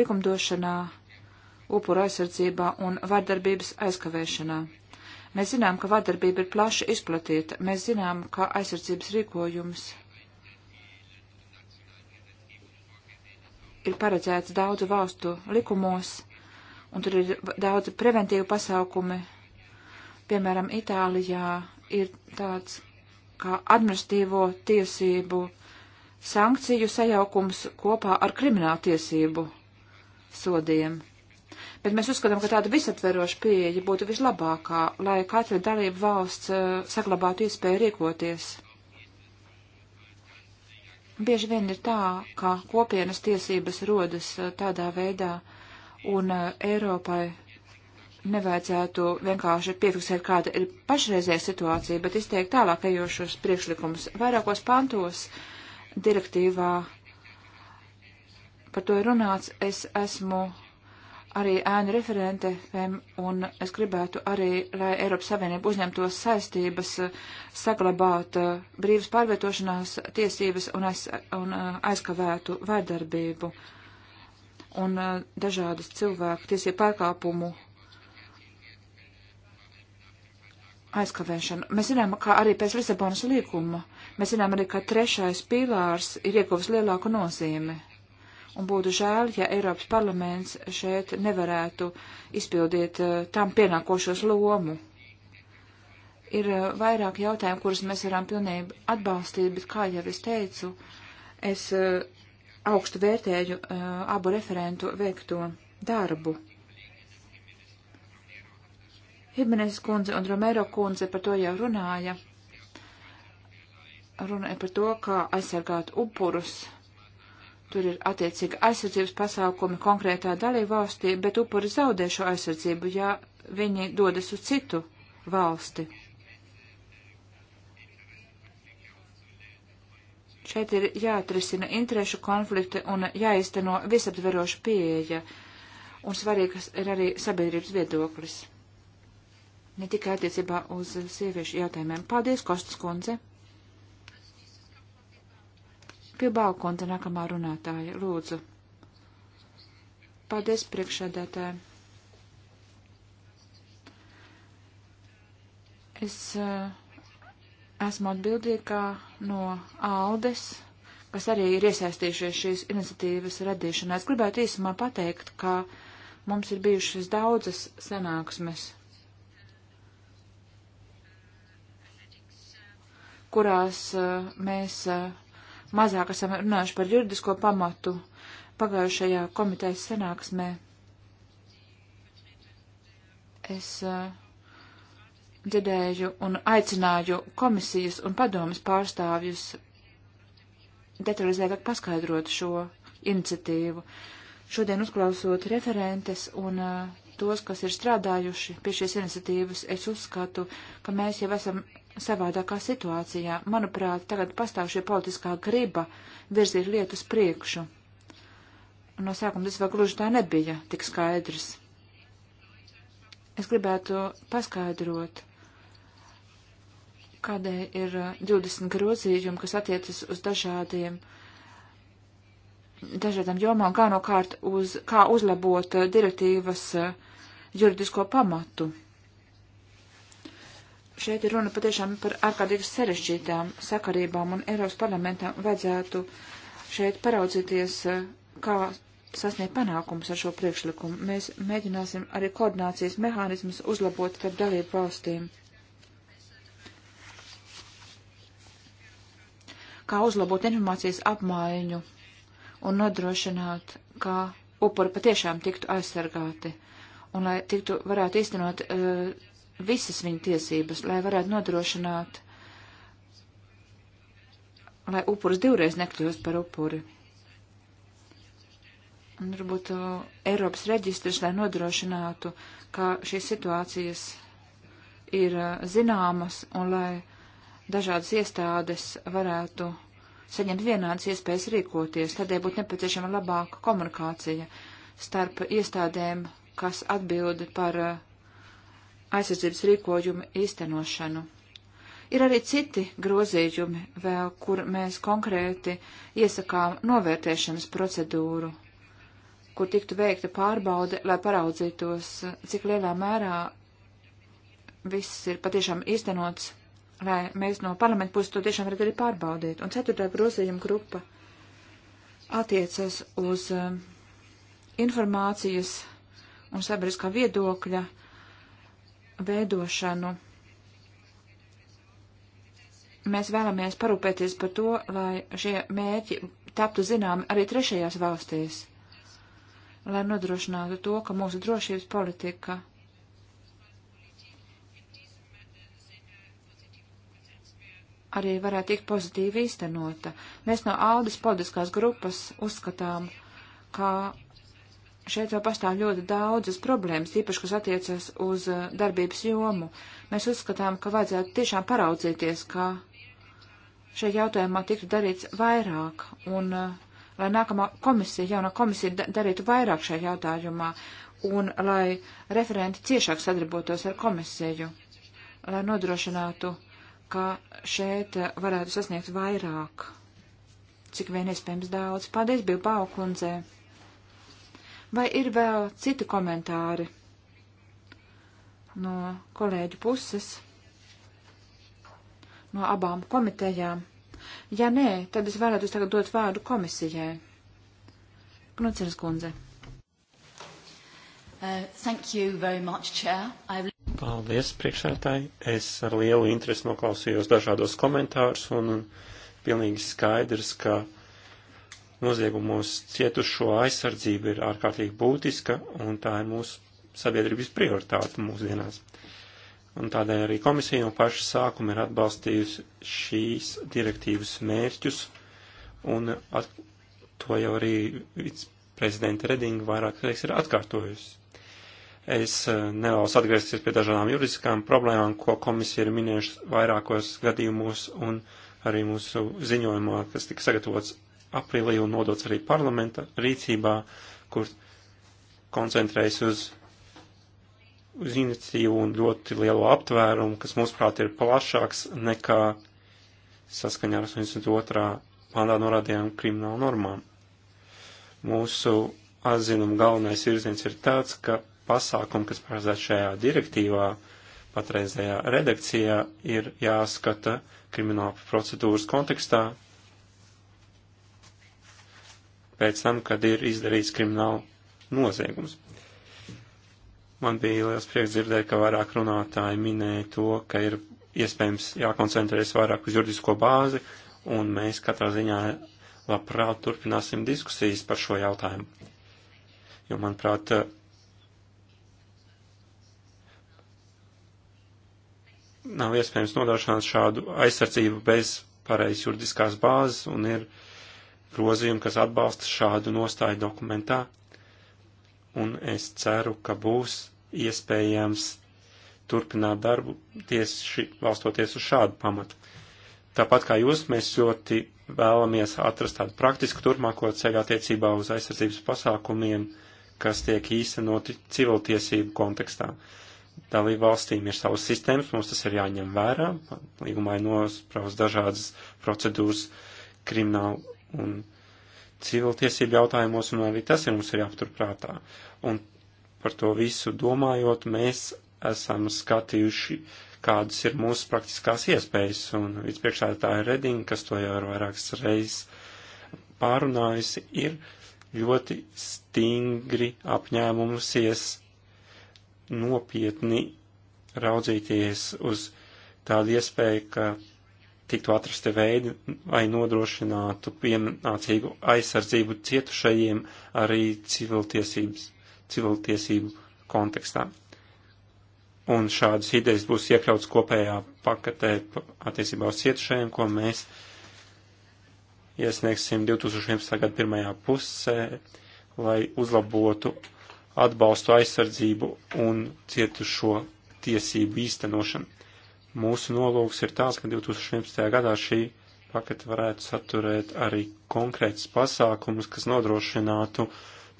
likumdošanā, upuru aizsardzībā un vardarbības aizkavēšanā. Mēs zinām, ka vardarbība ir plaši izplatīta. Mēs zinām, ka aizsardzības rīkojums ir paredzēts daudzu valstu likumos, un tur ir daudzi preventīvi pasākumi. Piemēram, Itālijā ir tāds kā administratīvo tiesību sankciju sajaukums kopā ar kriminālu tiesību sodiem. Bet mēs uzskatām, ka tāda visaptveroša pieeja būtu vislabākā, lai katra dalība valsts eh, saglabātu iespēju rīkoties. Bieži vien ir tā, ka kopienas tiesības rodas eh, tādā veidā, un eh, Eiropai nevajadzētu vienkārši piefiksēt, kāda ir pašreizējā situācija, bet izteikt tālāk ejošos priekšlikumus. Vairākos pantos direktīvā par to ir runāts, es esmu arī ēnu referente, un es gribētu arī, lai Eiropas Savienība uzņemtos saistības eh, saglabāt eh, brīvas pārvietošanās tiesības un, aiz, un eh, aizkavētu vārdarbību un dažādas cilvēku tiesību pārkāpumu aizkavēšanu. Mēs zinām, ka arī pēc Lisabonas līguma, mēs zinām arī, ka trešais pīlārs ir ieguvis lielāku nozīmi un būtu žēl, ja Eiropas parlaments šeit nevarētu izpildīt uh, tam pienākošos lomu. Ir uh, vairāk jautājumu, kurus mēs varam pilnībā atbalstīt, bet kā jau es teicu, es uh, augstu vērtēju abu referentu veikto darbu. Himenes kundze un Romero kundze par to jau runāja. Runāja par to, kā aizsargāt upurus Tur ir attiecīgi aizsardzības pasākumi konkrētā dalībvalstī, bet upuri zaudē šo aizsardzību, ja viņi dodas uz citu valsti. Šeit ir jāatrisina interešu konflikti un jāizteno visaptveroša pieeja, un svarīgs ir arī sabiedrības viedoklis. Ne tikai attiecībā uz sieviešu jautājumiem. Paldies, Kostas kundze! Pie balkonta nākamā runātāja, lūdzu. Paldies priekšādātājiem. Es uh, esmu atbildīgā no Aldes, kas arī ir iesaistījušies šīs iniciatīvas radīšanā. Es gribētu īsumā pateikt, ka mums ir bijušas daudzas sanāksmes, kurās uh, mēs uh, mazāk esam runājuši par juridisko pamatu pagājušajā komitejas sanāksmē. Es uh, dzirdēju un aicināju komisijas un padomas pārstāvjus detalizētāk paskaidrot šo iniciatīvu. Šodien uzklausot referentes un uh, tos, kas ir strādājuši pie šīs iniciatīvas, es uzskatu, ka mēs jau esam savādākā situācijā. Manuprāt, tagad pastāv šī politiskā griba virzīt lietu uz priekšu. No sākuma tas vēl gluži tā nebija tik skaidrs. Es gribētu paskaidrot, kādēļ ir 20 uh, grozījumi, kas attiecas uz dažādiem, dažādām jomām, galvenokārt uz, kā uzlabot uh, direktīvas uh, juridisko pamatu šeit ir runa patiešām par ārkārtīgi sarežģītām sakarībām, un Eiropas parlamentam vajadzētu šeit paraudzīties, eh, kā sasniegt panākumus ar šo priekšlikumu. Mēs mēģināsim arī koordinācijas mehānismus uzlabot starp dalību valstīm. Kā uzlabot informācijas apmaiņu un nodrošināt, ka upuri patiešām tiktu aizsargāti un lai tiktu varētu īstenot uh, visas viņa tiesības, lai varētu nodrošināt, lai upuris divreiz nekļūst par upuri. Un varbūt uh, Eiropas reģistrs, lai nodrošinātu, ka šīs situācijas ir uh, zināmas un lai dažādas iestādes varētu saņemt vienādas iespējas rīkoties. Tādēļ būtu nepieciešama labāka komunikācija starp iestādēm, kas atbild par uh, aizsardzības rīkojumu īstenošanu. Ir arī citi grozījumi vēl, kur mēs konkrēti iesakām novērtēšanas procedūru, kur tiktu veikta pārbaude, lai paraudzītos, cik lielā mērā viss ir patiešām īstenots, lai mēs no parlamenta puses to tiešām varētu arī pārbaudīt. Un ceturtā grozījuma grupa attiecas uz um, informācijas un sabiedriskā viedokļa uh, veidošanu mēs vēlamies parūpēties par to, lai šie mērķi taptu zināmi arī trešajās valstīs, lai nodrošinātu to, ka mūsu drošības politika arī varētu tikt pozitīvi īstenota. Mēs no Aldis politiskās grupas uzskatām, ka šeit vēl pastāv ļoti daudzas problēmas, īpaši, kas attiecas uz eh, darbības jomu. Mēs uzskatām, ka vajadzētu tiešām paraudzīties, ka šajā jautājumā tiktu darīts vairāk, un eh, lai nākamā komisija, jaunā komisija darītu vairāk šajā jautājumā, un lai referenti ciešāk sadarbotos ar komisiju, lai nodrošinātu, ka šeit eh, varētu sasniegt vairāk, cik vien iespējams daudz. Paldies, Bilbao kundzei! Vai ir vēl citi komentāri no kolēģu puses, no abām komitejām? Ja nē, tad es vēlētos tagad dot vārdu komisijai. Knuceres kundze. Uh, thank you very much, Chair. I've... Paldies, priekšētāji. Es ar lielu interesi noklausījos dažādos komentārus un, un pilnīgi skaidrs, ka noziegumos cietušo aizsardzība ir ārkārtīgi būtiska, un tā ir mūsu sabiedrības prioritāte mūsdienās. Un tādēļ arī komisija no paša sākuma ir atbalstījusi šīs direktīvas mērķus, un at, to jau arī viceprezidenta Redinga vairāk reiz ir atkārtojusi. Es e, nevēlos atgriezties pie dažādām juridiskām problēmām, ko komisija ir minējuši vairākos gadījumos, un arī mūsu ziņojumā, kas tika sagatavots aprīlī un nodots arī parlamenta rīcībā, kur koncentrējas uz, uz iniciatīvu un ļoti lielo aptvērumu, kas mūsuprāt ir plašāks nekā saskaņā ar 82. pāndā norādījām kriminālu normām. Mūsu atzinuma galvenais virziens ir tāds, ka pasākumi, kas paredzēti šajā direktīvā, patreizējā redakcijā, ir jāskata krimināla procedūras kontekstā, pēc tam, kad ir izdarīts krimināla noziegums. Man bija liels prieks dzirdēt, ka vairāk runātāji minēja to, ka ir iespējams jākoncentrējas vairāk uz juridisko bāzi, un mēs katrā ziņā labprāt turpināsim diskusijas par šo jautājumu. Jo, manuprāt, nav iespējams nodrošināt šādu aizsardzību bez pareizes juridiskās bāzes, un ir uh, grozījumi, kas atbalsta šādu nostāju dokumentā, un es ceru, ka būs iespējams turpināt darbu tieši valstoties uz šādu pamatu. Tāpat kā jūs, mēs ļoti vēlamies atrast tādu praktisku turpmāko ceļu attiecībā uz aizsardzības pasākumiem, kas tiek īstenoti civiltiesību kontekstā. Dalību valstīm ir savas sistēmas, mums tas ir jāņem vērā. Līgumā ir nospraus dažādas procedūras kriminālu un civiltiesību jautājumos, un arī tas ir mums ir jāpaturprātā. Un par to visu domājot, mēs esam skatījuši, kādas ir mūsu praktiskās iespējas, un vispriekšā tā ir Redinga, kas to jau ir vairākas reizes pārunājusi, ir ļoti stingri apņēmumusies nopietni raudzīties uz tādu iespēju, ka tiktu atrasti veidi, lai nodrošinātu pienācīgu aizsardzību cietušajiem arī civiltiesības, civiltiesību kontekstā. Un šādas idejas būs iekļauts kopējā paketē attiecībā uz cietušajiem, ko mēs iesniegsim 2011. gada pirmajā pusē, lai uzlabotu atbalstu aizsardzību un cietušo tiesību īstenošanu Mūsu nolūks ir tāds, ka 2011. gadā šī pakete varētu saturēt arī konkrētus pasākumus, kas nodrošinātu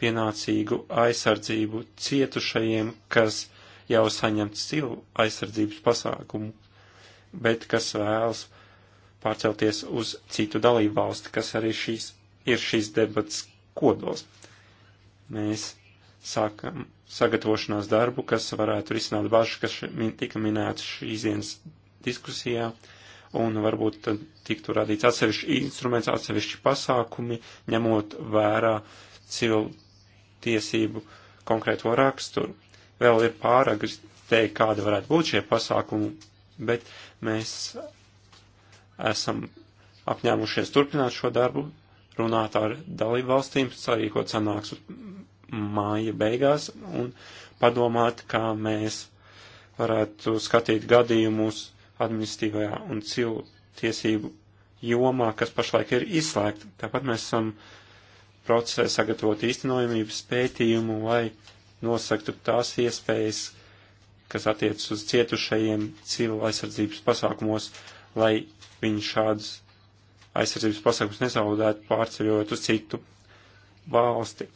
pienācīgu aizsardzību cietušajiem, kas jau saņem civu aizsardzības pasākumu, bet kas vēlas pārcelties uz citu dalību valsti, kas arī šīs, ir šīs debats kodols. Mēs sākam sagatavošanās darbu, kas varētu risināt bažas, kas tika minētas šīs dienas diskusijā, un varbūt tad tiktu radīts atsevišķi instruments, atsevišķi pasākumi, ņemot vērā civilu tiesību konkrēto raksturu. Vēl ir pārāk teikt, kāda varētu būt šie pasākumi, bet mēs esam apņēmušies turpināt šo darbu, runāt ar dalību valstīm, sarīkot sanāksmes māja beigās un padomāt, kā mēs varētu skatīt gadījumus administratīvajā un civu tiesību jomā, kas pašlaik ir izslēgta. Tāpat mēs esam procesē sagatavot īstenojumības pētījumu, lai nosaktu tās iespējas, kas attiecas uz cietušajiem civil aizsardzības pasākumos, lai viņi šādas aizsardzības pasākumus nezaudētu pārceļot uz citu valsti.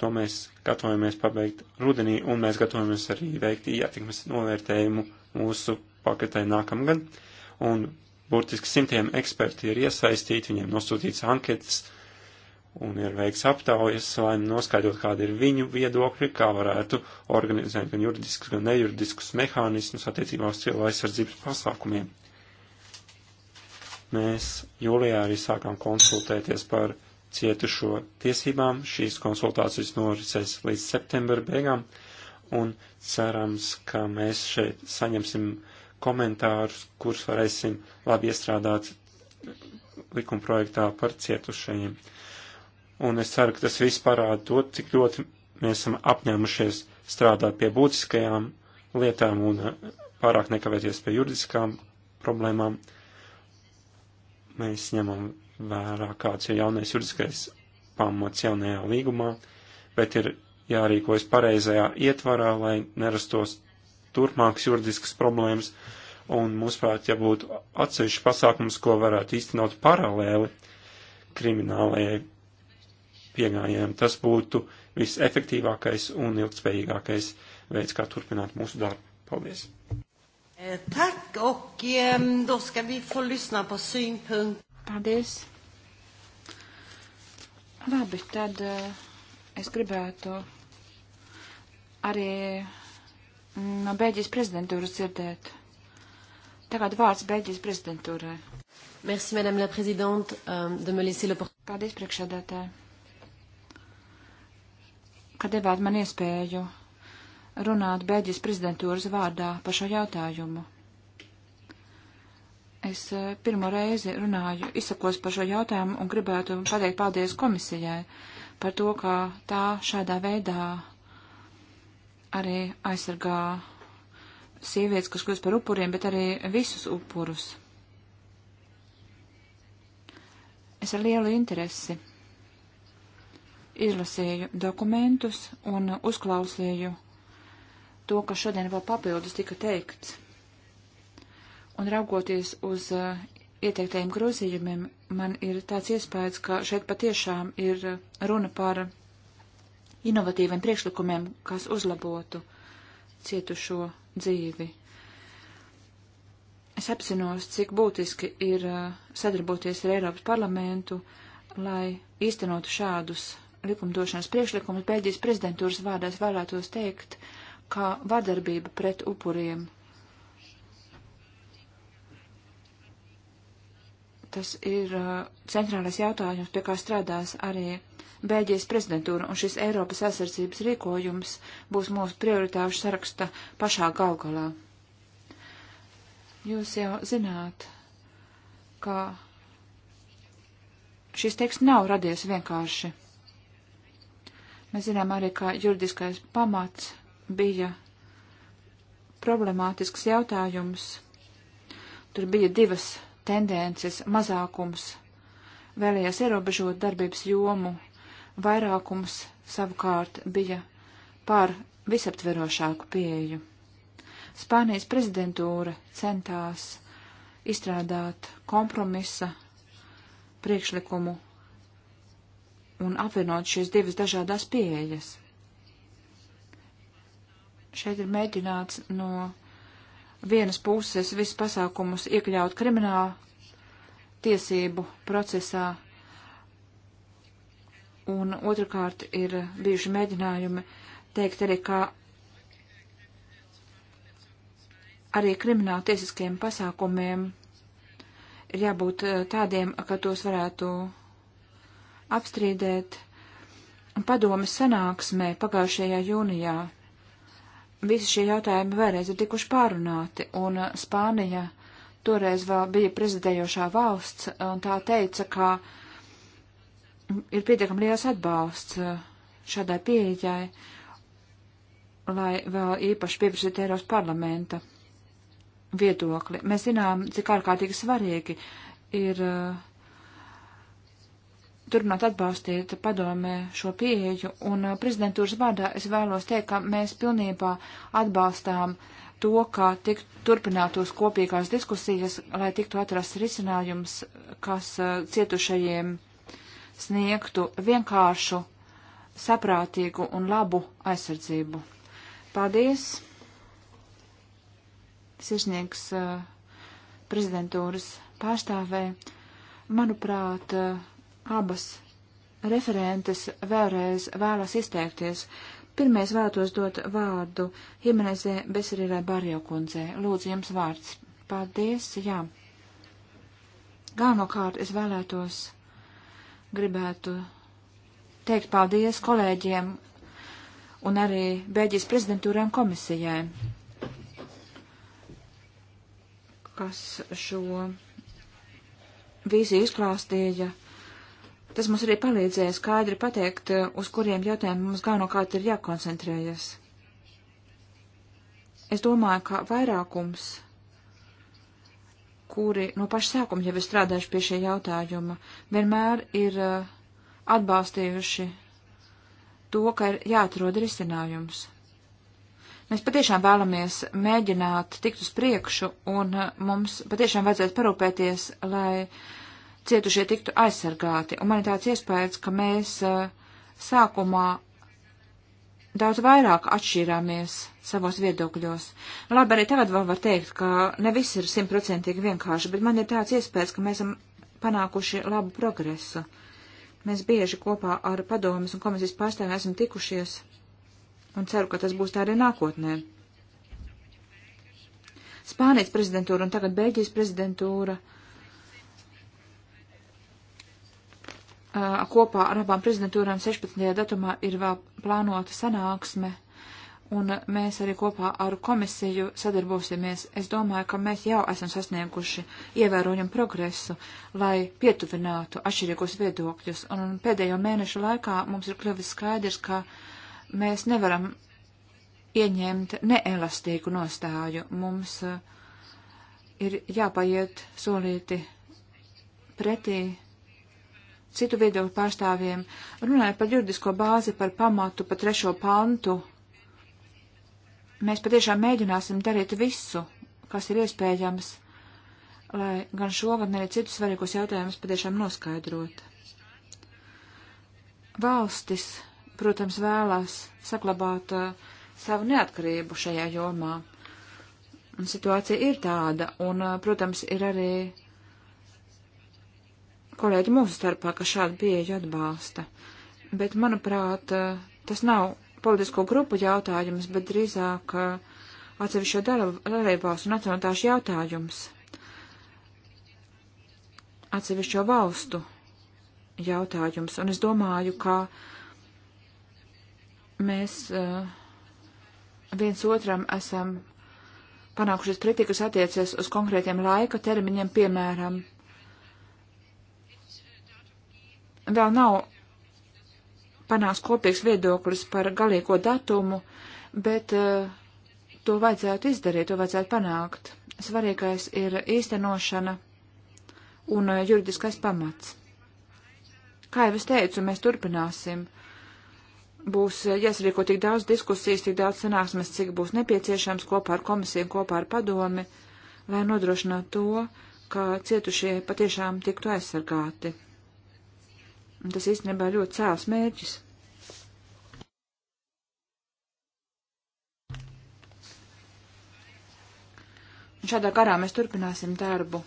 To mēs gatavojamies pabeigt rudenī, un mēs gatavojamies arī veikt ietekmes novērtējumu mūsu paketē nākamgad. Un burtiski simtiem eksperti ir iesaistīti, viņiem nosūtīts anketas, un ir veikts aptaujas, lai noskaidrotu, kāda ir viņu viedokļi, kā varētu organizēt gan juridiskus, gan nejuridiskus mehānismus attiecībā uz cilvēku aizsardzības pasākumiem. Mēs jūlijā arī sākām konsultēties par cietušo tiesībām. Šīs konsultācijas norisēs līdz septembra beigām, un cerams, ka mēs šeit saņemsim komentārus, kurus varēsim labi iestrādāt likumprojektā par cietušajiem. Un es ceru, ka tas viss parāda to, cik ļoti mēs esam apņēmušies strādāt pie būtiskajām lietām un pārāk nekavēties pie juridiskām problēmām. Mēs ņemam vērā, kāds ir jaunais juridiskais pamats jaunajā līgumā, bet ir jārīkojas pareizajā ietvarā, lai nerastos turpmākas juridiskas problēmas, un, mūsuprāt, ja būtu atsevišķi pasākums, ko varētu īstenot paralēli kriminālajai piegājējiem, tas būtu visefektīvākais un ilgspējīgākais veids, kā turpināt mūsu darbu. Paldies! Eh, tack och ehm, då ska vi få lyssna på synpunkter. Paldies! Labi, tad eh, es gribētu arī no Beļģijas prezidentūras dzirdēt. Tagad vārds Beļģijas prezidentūrai. Merci, madame la présidente, euh, de me laisser le Paldies, priekšsēdētāji, ka devāt man iespēju runāt Beļģijas prezidentūras vārdā par šo jautājumu. Es e, pirmo reizi runāju, izsakos par šo jautājumu un gribētu pateikt paldies komisijai par to, ka tā šādā veidā arī aizsargā sievietes, kas kļūst par upuriem, bet arī visus upurus. Es ar lielu interesi izlasīju dokumentus un uzklausīju to, kas šodien vēl papildus tika teikts. Un raugoties uz uh, eh, ieteiktajiem grozījumiem, man ir tāds iespējas, ka šeit patiešām ir eh, runa par inovatīviem priekšlikumiem, kas uzlabotu cietušo dzīvi. Es apzinos, cik būtiski ir eh, sadarboties ar Eiropas parlamentu, lai īstenotu šādus likumdošanas priekšlikumus. Beļģijas prezidentūras vārdās vēlētos teikt, ka vardarbība pret upuriem tas ir uh, centrālais jautājums, pie kā strādās arī Bēļģijas prezidentūra, un šis Eiropas aizsardzības rīkojums būs mūsu prioritāšu saraksta pašā galgalā. Jūs jau zināt, ka šis teksts nav radies vienkārši. Mēs zinām arī, ka juridiskais pamats bija problemātisks jautājums. Tur bija divas tendences, mazākums vēlējās ierobežot darbības jomu, vairākums savukārt bija pār visaptverošāku pieeju. Spānijas prezidentūra centās izstrādāt kompromisa priekšlikumu un apvienot šīs divas dažādās pieejas. Šeit ir mēģināts no vienas puses visus pasākumus iekļaut kriminālu tiesību procesā, un otrkārt ir bijuši mēģinājumi teikt arī, ka arī krimināla tiesiskiem pasākumiem ir jābūt eh, tādiem, ka tos varētu apstrīdēt. Padomes sanāksmē pagājušajā jūnijā visi šie jautājumi vēlreiz ir tikuši pārunāti, un Spānija toreiz vēl bija prezidējošā valsts, un tā teica, ka ir pietiekami liels atbalsts uh, šādai pieejai, lai vēl īpaši pieprasītu Eiropas parlamenta viedokli. Mēs zinām, cik ārkārtīgi svarīgi ir uh, turpināt atbalstīt padomē šo pieeju, un uh, prezidentūras vārdā es vēlos teikt, ka mēs pilnībā atbalstām to, kā tik turpinātos kopīgās diskusijas, lai tiktu atrasts risinājums, kas uh, cietušajiem sniegtu vienkāršu, saprātīgu un labu aizsardzību. Paldies! Sirsnieks uh, prezidentūras pārstāvē. Manuprāt, uh, abas referentes vēlreiz vēlas izteikties. Pirmais vēlētos dot vārdu Jimenezē Besarīlē Barjo kundzē. Lūdzu, jums vārds. Paldies, jā. Galvenokārt es vēlētos, gribētu teikt paldies kolēģiem un arī Bēģijas prezidentūrām komisijai, kas šo vīziju izklāstīja Tas mums arī palīdzēja skaidri pateikt, eh, uz kuriem jautājumiem mums galvenokārt ir jākoncentrējas. Es domāju, ka vairākums, kuri no paša sākuma jau ir strādājuši pie šī jautājuma, vienmēr ir eh, atbalstījuši to, ka ir jāatrod risinājums. Mēs patiešām vēlamies mēģināt tikt uz priekšu, un eh, mums patiešām vajadzētu parūpēties, lai uh, cietušie tiktu aizsargāti. Un man ir tāds iespējas, ka mēs eh, sākumā daudz vairāk atšķīrāmies savos viedokļos. Nu, labi, arī tagad vēl var teikt, ka ne viss ir simtprocentīgi vienkārši, bet man ir tāds iespējas, ka mēs esam panākuši labu progresu. Mēs bieži kopā ar padomis un komisijas pārstāvjiem esam tikušies un ceru, ka tas būs tā arī nākotnē. Spānijas prezidentūra un tagad Beļģijas prezidentūra uh, kopā ar abām prezidentūrām 16. datumā ir vēl plānota sanāksme, un mēs arī kopā ar komisiju sadarbosimies. Es domāju, ka mēs jau esam sasnieguši ievērojumu progresu, lai pietuvinātu atšķirīgos viedokļus, un pēdējo mēnešu laikā mums ir kļuvis skaidrs, ka mēs nevaram ieņemt neelastīgu nostāju. Mums ir jāpaiet solīti pretī citu viedokļu pārstāvjiem, runāja par juridisko bāzi, par pamatu, par trešo pantu. Mēs patiešām mēģināsim darīt visu, kas ir iespējams, lai gan šogad, gan arī citus svarīgos jautājumus patiešām noskaidrot. Valstis, protams, vēlās saglabāt uh, savu neatkarību šajā jomā. Un situācija ir tāda, un, uh, protams, ir arī kolēģi mūsu starpā, ka šādu pieeju atbalsta. Bet, manuprāt, tas nav politisko grupu jautājums, bet drīzāk uh, atsevišķo dalībvalstu un nacionālitāšu jautājums. Atsevišķo valstu jautājums. Un es domāju, ka mēs uh, viens otram esam panākušies pretī, kas attiecies uz konkrētiem laika termiņiem, piemēram, vēl nav panāks kopīgs viedoklis par galīgo datumu, bet uh, to vajadzētu izdarīt, to vajadzētu panākt. Svarīgais ir īstenošana un uh, juridiskais pamats. Kā jau es teicu, mēs turpināsim. Būs uh, jāsarīko tik daudz diskusijas, tik daudz sanāksmes, cik būs nepieciešams kopā ar komisiju, kopā ar padomi, lai nodrošinātu to, ka cietušie patiešām tiktu aizsargāti Un tas īstenībā ļoti cēls mērķis. Un šādā karā mēs turpināsim darbu.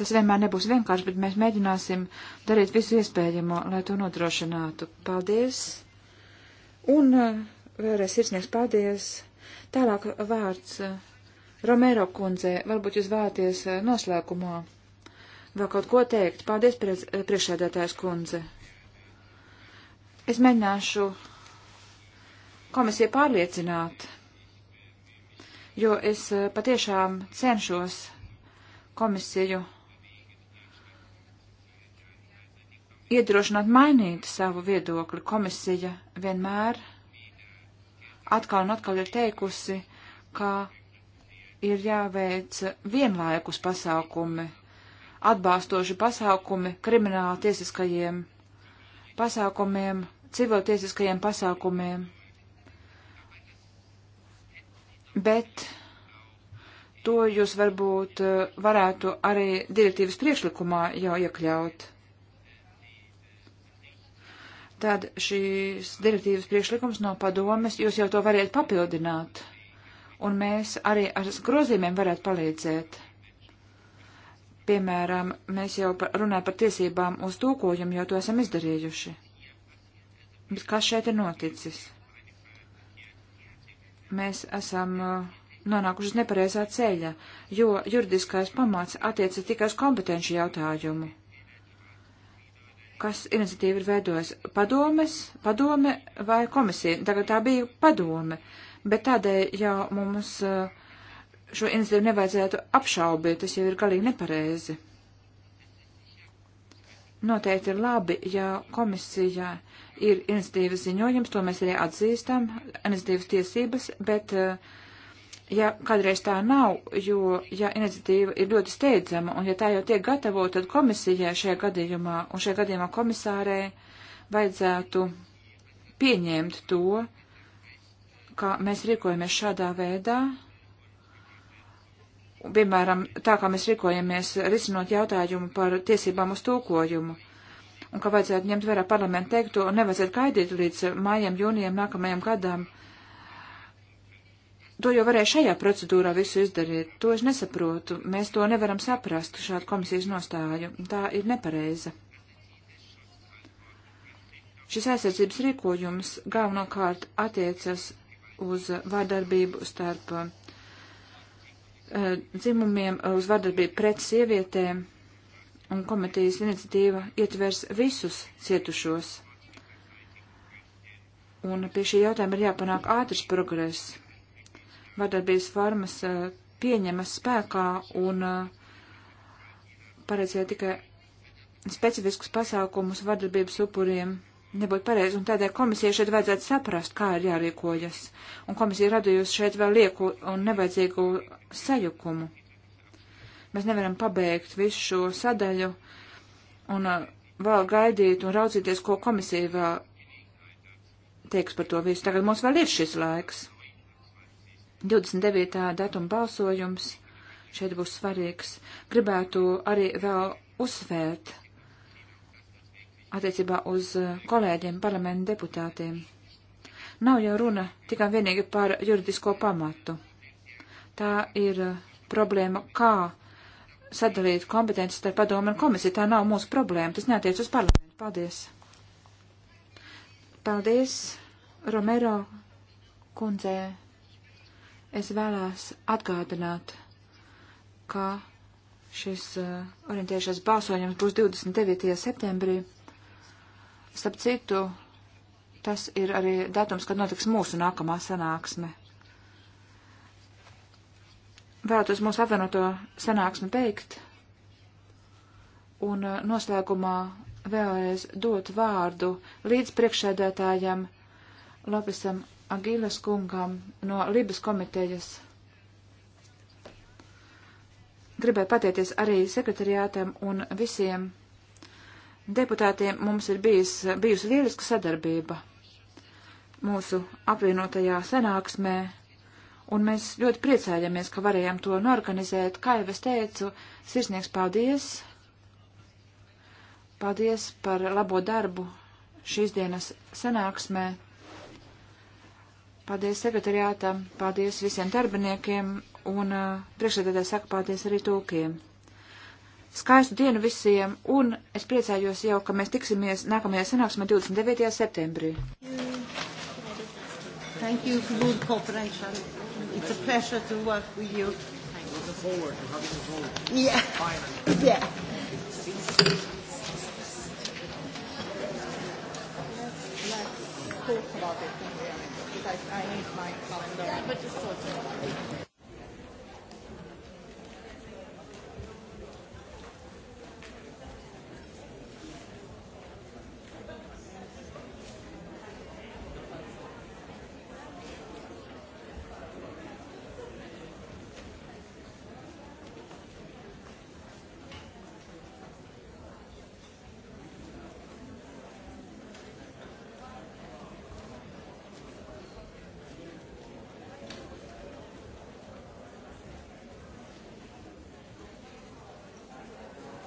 Tas vienmēr nebūs vienkārši, bet mēs mēģināsim darīt visu iespējamo, lai to nodrošinātu. Paldies! Un eh, vēlreiz sirsnieks paldies! Tālāk vārds eh, Romero kundzei. Varbūt jūs vēlaties eh, noslēgumā vēl kaut ko teikt? Paldies, priekšsēdētājs kundze. Es mēģināšu komisiju pārliecināt, jo es eh, patiešām cenšos komisiju iedrošināt mainīt savu viedokli. Komisija vienmēr atkal un atkal ir teikusi, ka ir jāveic vienlaikus pasākumi atbāstoši pasākumi krimināla tiesiskajiem pasākumiem, civiltiesiskajiem pasākumiem. Bet to jūs varbūt eh, varētu arī direktīvas priekšlikumā jau iekļaut. Tad šīs direktīvas priekšlikums no padomes jūs jau to varētu papildināt, un mēs arī ar grozījumiem varētu palīdzēt. Piemēram, mēs jau par, runājam par tiesībām uz tūkojumu, jo to esam izdarījuši. Bet kas šeit ir noticis? Mēs esam uh, nonākuši uz nepareizā ceļa, jo juridiskais pamats attiecas tikai uz kompetenci jautājumu. Kas iniciatīva ir veidojas? Padomes, padome vai komisija? Tagad tā bija padome, bet tādēļ jau mums uh, šo iniciatīvu nevajadzētu apšaubīt, tas jau ir galīgi nepareizi. Noteikti ir labi, ja komisijā ir iniciatīvas ziņojums, to mēs arī atzīstam, iniciatīvas tiesības, bet eh, ja kādreiz tā nav, jo ja iniciatīva ir ļoti steidzama un ja tā jau tiek gatavota, tad komisijai šajā gadījumā un šajā gadījumā komisārei vajadzētu pieņemt to, kā mēs rīkojamies šādā veidā, piemēram, tā kā mēs rīkojamies risinot jautājumu par tiesībām uz tūkojumu, un ka vajadzētu ņemt vērā parlamentu teikto, un nevajadzētu gaidīt līdz mājiem, jūnijam, nākamajam gadam. To jau varēja šajā procedūrā visu izdarīt. To es nesaprotu. Mēs to nevaram saprast, šādu komisijas nostāju. Tā ir nepareiza. Šis aizsardzības rīkojums galvenokārt attiecas uz vārdarbību starp uh, Eh, dzimumiem eh, uz vardarbību pret sievietēm, un komitejas iniciatīva ietvers visus cietušos. Un pie šī jautājuma ir jāpanāk ātrs progress. Vardarbības formas eh, pieņemas spēkā un paredzēja tikai specifiskus pasākumus vardarbības upuriem nebūtu pareizi, un tādēļ komisija šeit vajadzētu saprast, kā ir jārīkojas, un komisija radījusi šeit vēl lieku un nevajadzīgu sajukumu. Mēs nevaram pabeigt visu šo sadaļu un uh, vēl gaidīt un raudzīties, ko komisija vēl teiks par to visu. Tagad mums vēl ir šis laiks. 29. datuma balsojums šeit būs svarīgs. Gribētu arī vēl uzsvērt attiecībā uz eh, kolēģiem, parlamentu deputātiem. Nav jau runa tikai vienīgi par juridisko pamatu. Tā ir eh, problēma, kā sadalīt kompetences starp padomu un komisiju. Tā nav mūsu problēma, tas neatiec uz parlamentu. Paldies. Paldies, Romero kundzē. Es vēlās atgādināt, ka šis eh, orientēšanās balsojums būs 29. septembrī. Starp citu, tas ir arī datums, kad notiks mūsu nākamā sanāksme. Vēlētos mūsu apvienoto sanāksmi beigt un eh, noslēgumā vēlreiz dot vārdu līdz priekšēdētājam Lopesam Agīles kungam no Libas komitejas. Gribēju pateikties arī sekretariātam un visiem deputātiem mums ir bijis, bijusi lieliska sadarbība mūsu apvienotajā sanāksmē, un mēs ļoti priecājamies, ka varējām to norganizēt. Kā jau es teicu, sirsnieks paldies! Paldies par labo darbu šīs dienas sanāksmē. Paldies sekretariātam, paldies visiem darbiniekiem, un uh, priekšsēdētāji saka paldies arī tūkiem. Skaistu dienu visiem, un es priecājos jau, ka mēs tiksimies nākamajā sanāksmē 29. septembrī. Thank you for good cooperation. It's a pleasure to work with you. Looking forward to having you home. Yeah. Finally. Yeah. Let's talk about it. Because I need my calendar. Yeah, but just talk about it.